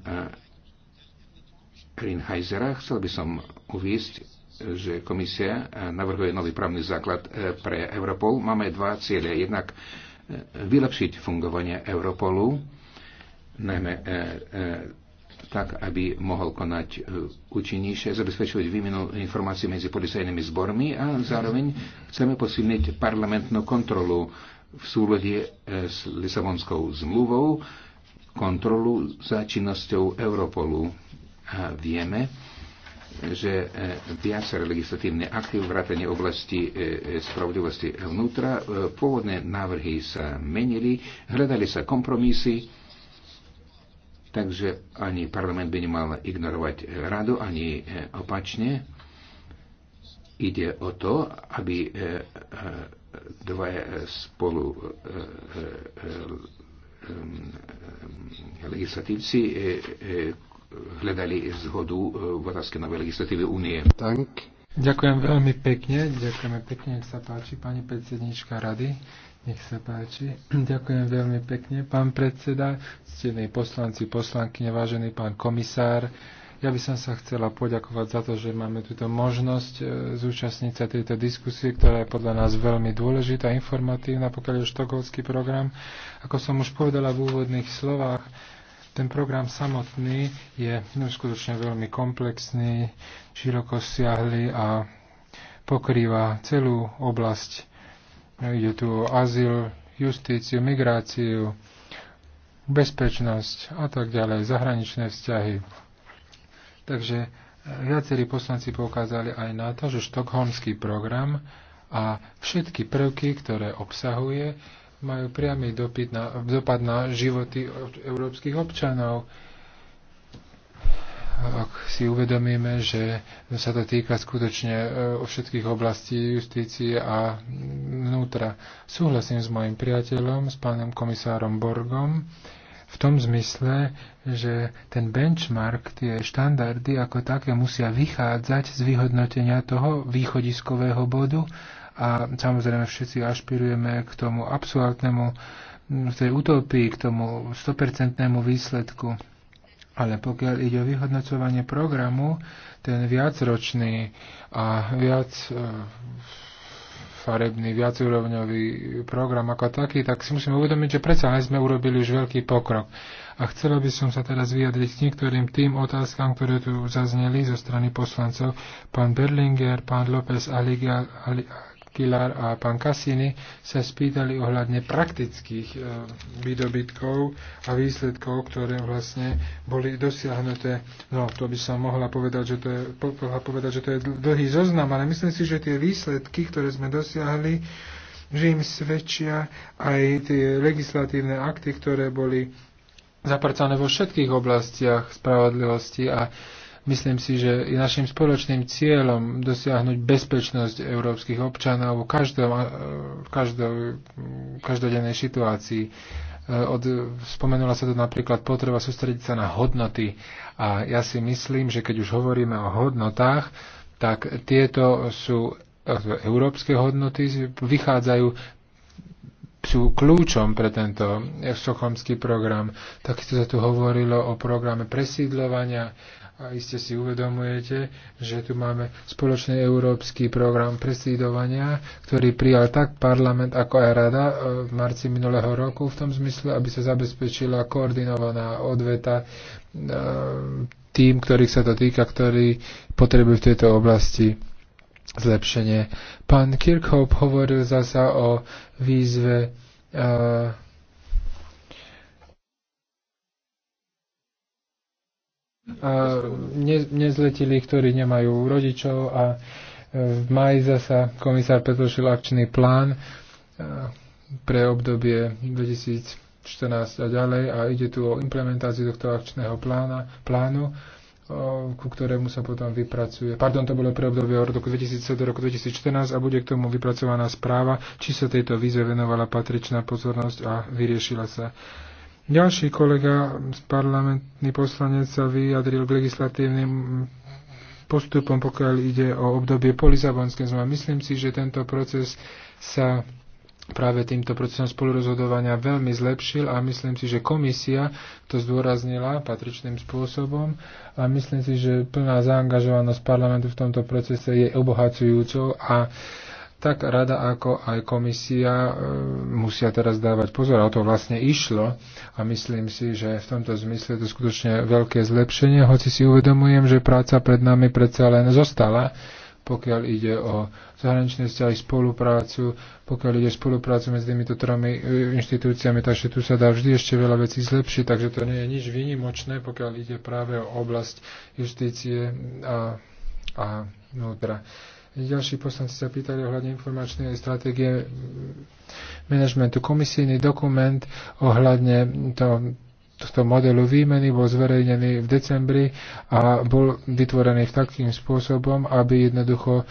Rinhajzera. Chcel by som uvísť že komisia e, navrhuje nový právny základ e, pre Europol. Máme dva ciele. Jednak e, vylepšiť fungovanie Europolu, najmä tak, aby mohol konať účinnejšie, zabezpečovať výmenu informácií medzi policajnými zbormi a zároveň chceme posilniť parlamentnú kontrolu v súlode s Lisabonskou zmluvou, kontrolu za činnosťou Europolu. A vieme, že e, viaceré legislatívne akty vrátane oblasti e, e, spravodlivosti vnútra, pôvodné návrhy sa menili, hľadali sa kompromisy, takže ani parlament by nemal ignorovať radu, ani opačne. Ide o to, aby dva spolu legislatívci hľadali zhodu e, v otázke novej legislatívy únie. Ďakujem veľmi pekne, ďakujeme pekne, nech sa páči, pani predsednička rady, nech sa páči. Ďakujem veľmi pekne, pán predseda, ctení poslanci, poslanky, vážený pán komisár. Ja by som sa chcela poďakovať za to, že máme túto možnosť e, zúčastniť sa tejto diskusie, ktorá je podľa nás veľmi dôležitá, informatívna, pokiaľ je štokovský program. Ako som už povedala v úvodných slovách, ten program samotný je skutočne veľmi komplexný, široko siahly a pokrýva celú oblasť. Ide tu o azyl, justíciu, migráciu, bezpečnosť a tak ďalej, zahraničné vzťahy. Takže eh, viacerí poslanci poukázali aj na to, že štokholmský program a všetky prvky, ktoré obsahuje, majú priamy dopyt na, dopad na životy európskych občanov. Ak si uvedomíme, že sa to týka skutočne e, o všetkých oblastí justície a vnútra. Súhlasím s mojim priateľom, s pánom komisárom Borgom, v tom zmysle, že ten benchmark, tie štandardy ako také musia vychádzať z vyhodnotenia toho východiskového bodu a samozrejme všetci ašpirujeme k tomu absolútnemu, k tej utopii, k tomu 100% výsledku. Ale pokiaľ ide o vyhodnocovanie programu, ten viacročný a viac e, farebný, viacúrovňový program ako taký, tak si musíme uvedomiť, že predsa aj sme urobili už veľký pokrok. A chcela by som sa teraz vyjadriť k niektorým tým otázkam, ktoré tu zazneli zo strany poslancov. Pán Berlinger, pán López Aliga, Kilar a pán Kasiny sa spýtali ohľadne praktických e, výdobytkov a výsledkov, ktoré vlastne boli dosiahnuté. No, to by sa mohla povedať, že to je, mohla povedať, že to je dlhý zoznam, ale myslím si, že tie výsledky, ktoré sme dosiahli, že im svedčia aj tie legislatívne akty, ktoré boli zapracované vo všetkých oblastiach spravodlivosti a Myslím si, že je našim spoločným cieľom dosiahnuť bezpečnosť európskych občanov v, každom, v každom, každodennej situácii. E, od, spomenula sa tu napríklad potreba sústrediť sa na hodnoty a ja si myslím, že keď už hovoríme o hodnotách, tak tieto sú e, európske hodnoty vychádzajú sú kľúčom pre tento sochomský program. Takisto sa tu hovorilo o programe presídľovania a iste si uvedomujete, že tu máme spoločný európsky program presídovania, ktorý prijal tak parlament ako aj rada e, v marci minulého roku v tom zmysle, aby sa zabezpečila koordinovaná odveta e, tým, ktorých sa to týka, ktorí potrebujú v tejto oblasti zlepšenie. Pán Kirchhoff hovoril zasa o výzve uh, uh, ne, nezletili, ktorí nemajú rodičov a e, v maji zasa komisár predložil akčný plán e, pre obdobie 2014 a ďalej a ide tu o implementáciu tohto akčného plána, plánu Ehm, ku ktorému sa potom vypracuje. Pardon, to bolo pre obdobie od roku 2007 do roku 2014 a bude k tomu vypracovaná správa, či sa tejto výzve venovala patričná pozornosť a vyriešila sa. Ďalší kolega, parlamentný poslanec, sa vyjadril k legislatívnym postupom, pokiaľ ide o obdobie po Lizabonskej zmluve. Myslím si, že tento proces sa práve týmto procesom spolurozhodovania veľmi zlepšil a myslím si, že komisia to zdôraznila patričným spôsobom a myslím si, že plná zaangažovanosť parlamentu v tomto procese je obohacujúcou a tak rada ako aj komisia e, musia teraz dávať pozor. A o to vlastne išlo a myslím si, že v tomto zmysle to skutočne veľké zlepšenie, hoci si uvedomujem, že práca pred nami predsa len zostala pokiaľ ide o zahraničné vzťahy, spoluprácu, pokiaľ ide o spoluprácu medzi týmito tromi e, inštitúciami, takže tu sa dá vždy ešte veľa vecí zlepšiť, takže to nie je nič výnimočné, pokiaľ ide práve o oblasť justície a, a vnútra. No, teda. Ďalší poslanci sa pýtali ohľadne informačnej stratégie manažmentu. Komisijný dokument ohľadne to, tohto modelu výmeny bol zverejnený v decembri a bol vytvorený takým spôsobom, aby jednoducho e,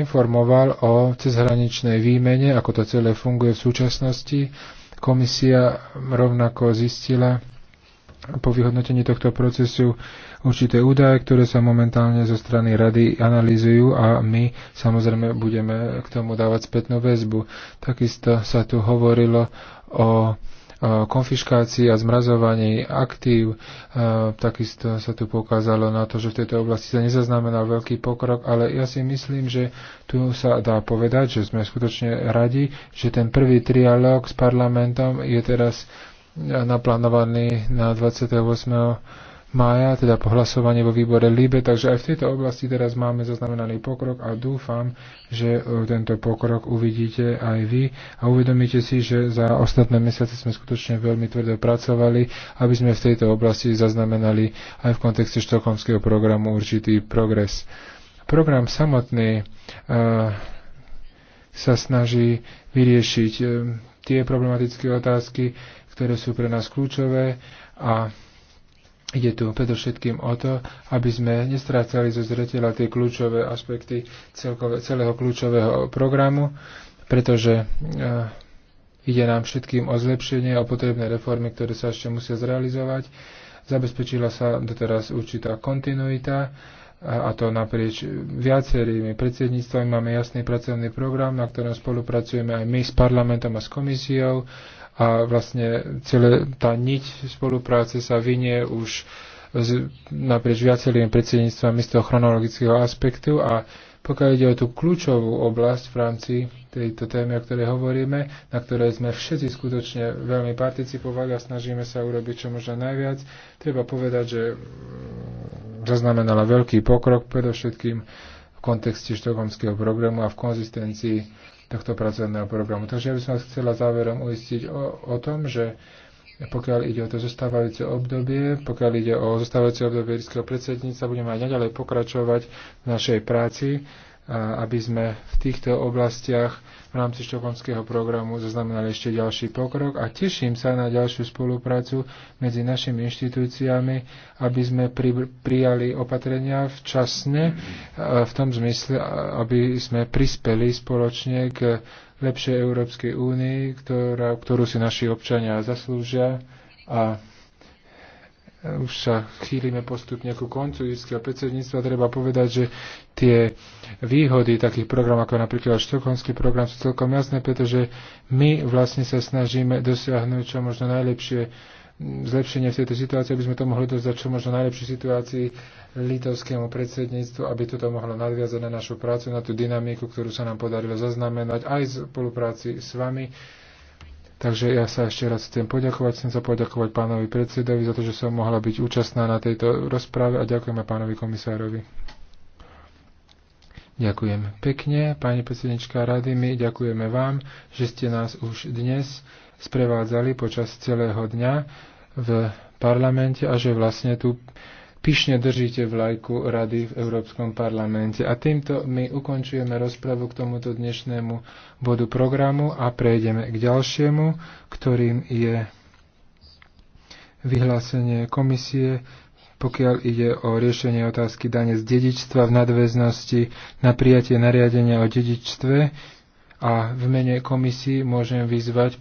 informoval o cezhraničnej výmene, ako to celé funguje v súčasnosti. Komisia rovnako zistila po vyhodnotení tohto procesu určité údaje, ktoré sa momentálne zo strany rady analýzujú a my samozrejme budeme k tomu dávať spätnú väzbu. Takisto sa tu hovorilo o E, konfiškácii a zmrazovaní aktív. E, takisto sa tu pokázalo na to, že v tejto oblasti sa nezaznamenal veľký pokrok, ale ja si myslím, že tu sa dá povedať, že sme skutočne radi, že ten prvý trialóg s parlamentom je teraz e, naplánovaný na 28 mája, teda po hlasovaní vo výbore LIBE, takže aj v tejto oblasti teraz máme zaznamenaný pokrok a dúfam, že e, tento pokrok uvidíte aj vy a uvedomíte si, že za ostatné mesiace sme skutočne veľmi tvrdo pracovali, aby sme v tejto oblasti zaznamenali aj v kontexte štokholmského programu určitý progres. Program samotný uh, sa snaží vyriešiť uh, tie problematické otázky, ktoré sú pre nás kľúčové a Ide tu predovšetkým o to, aby sme nestrácali zo zretela tie kľúčové aspekty celkové, celého kľúčového programu, pretože e, ide nám všetkým o zlepšenie, o potrebné reformy, ktoré sa ešte musia zrealizovať. Zabezpečila sa doteraz určitá kontinuita a, a to naprieč viacerými predsedníctvami. Máme jasný pracovný program, na ktorom spolupracujeme aj my s parlamentom a s komisiou a vlastne celé tá niť spolupráce sa vynie už z, naprieč viacerými predsedníctvami z toho chronologického aspektu a pokiaľ ide o tú kľúčovú oblasť v rámci tejto témy, o ktorej hovoríme, na ktorej sme všetci skutočne veľmi participovali a snažíme sa urobiť čo možno najviac, treba povedať, že mm, zaznamenala veľký pokrok, predovšetkým v kontexte štokholmského programu a v konzistencii tohto pracovného programu. Takže ja by som vás chcela záverom uistiť o, o tom, že pokiaľ ide o to zostávajúce obdobie, pokiaľ ide o zostávajúce obdobie írskeho predsedníca, budeme aj naďalej pokračovať v našej práci aby sme v týchto oblastiach v rámci štokholmského programu zaznamenali ešte ďalší pokrok a teším sa na ďalšiu spoluprácu medzi našimi inštitúciami, aby sme pri, prijali opatrenia včasne v tom zmysle, aby sme prispeli spoločne k lepšej Európskej únii, ktorá, ktorú si naši občania zaslúžia a už sa chýlime postupne ku koncu írskeho predsedníctva. Treba povedať, že tie výhody takých programov ako napríklad štokholmský program sú celkom jasné, pretože my vlastne sa snažíme dosiahnuť čo možno najlepšie mm, zlepšenie v tejto situácii, aby sme to mohli dostať čo možno najlepšej situácii litovskému predsedníctvu, aby toto mohlo nadviazať na našu prácu, na tú dynamiku, ktorú sa nám podarilo zaznamenať aj v spolupráci s vami Takže ja sa ešte raz chcem poďakovať. Chcem sa poďakovať pánovi predsedovi za to, že som mohla byť účastná na tejto rozprave a ďakujem aj pánovi komisárovi. Ďakujem pekne, pani predsednička rady, my ďakujeme vám, že ste nás už dnes sprevádzali počas celého dňa v parlamente a že vlastne tu pyšne držíte vlajku Rady v Európskom parlamente. A týmto my ukončujeme rozpravu k tomuto dnešnému bodu programu a prejdeme k ďalšiemu, ktorým je vyhlásenie komisie pokiaľ ide o riešenie otázky dane z dedičstva v nadväznosti na prijatie nariadenia o dedičstve a v mene komisii môžem vyzvať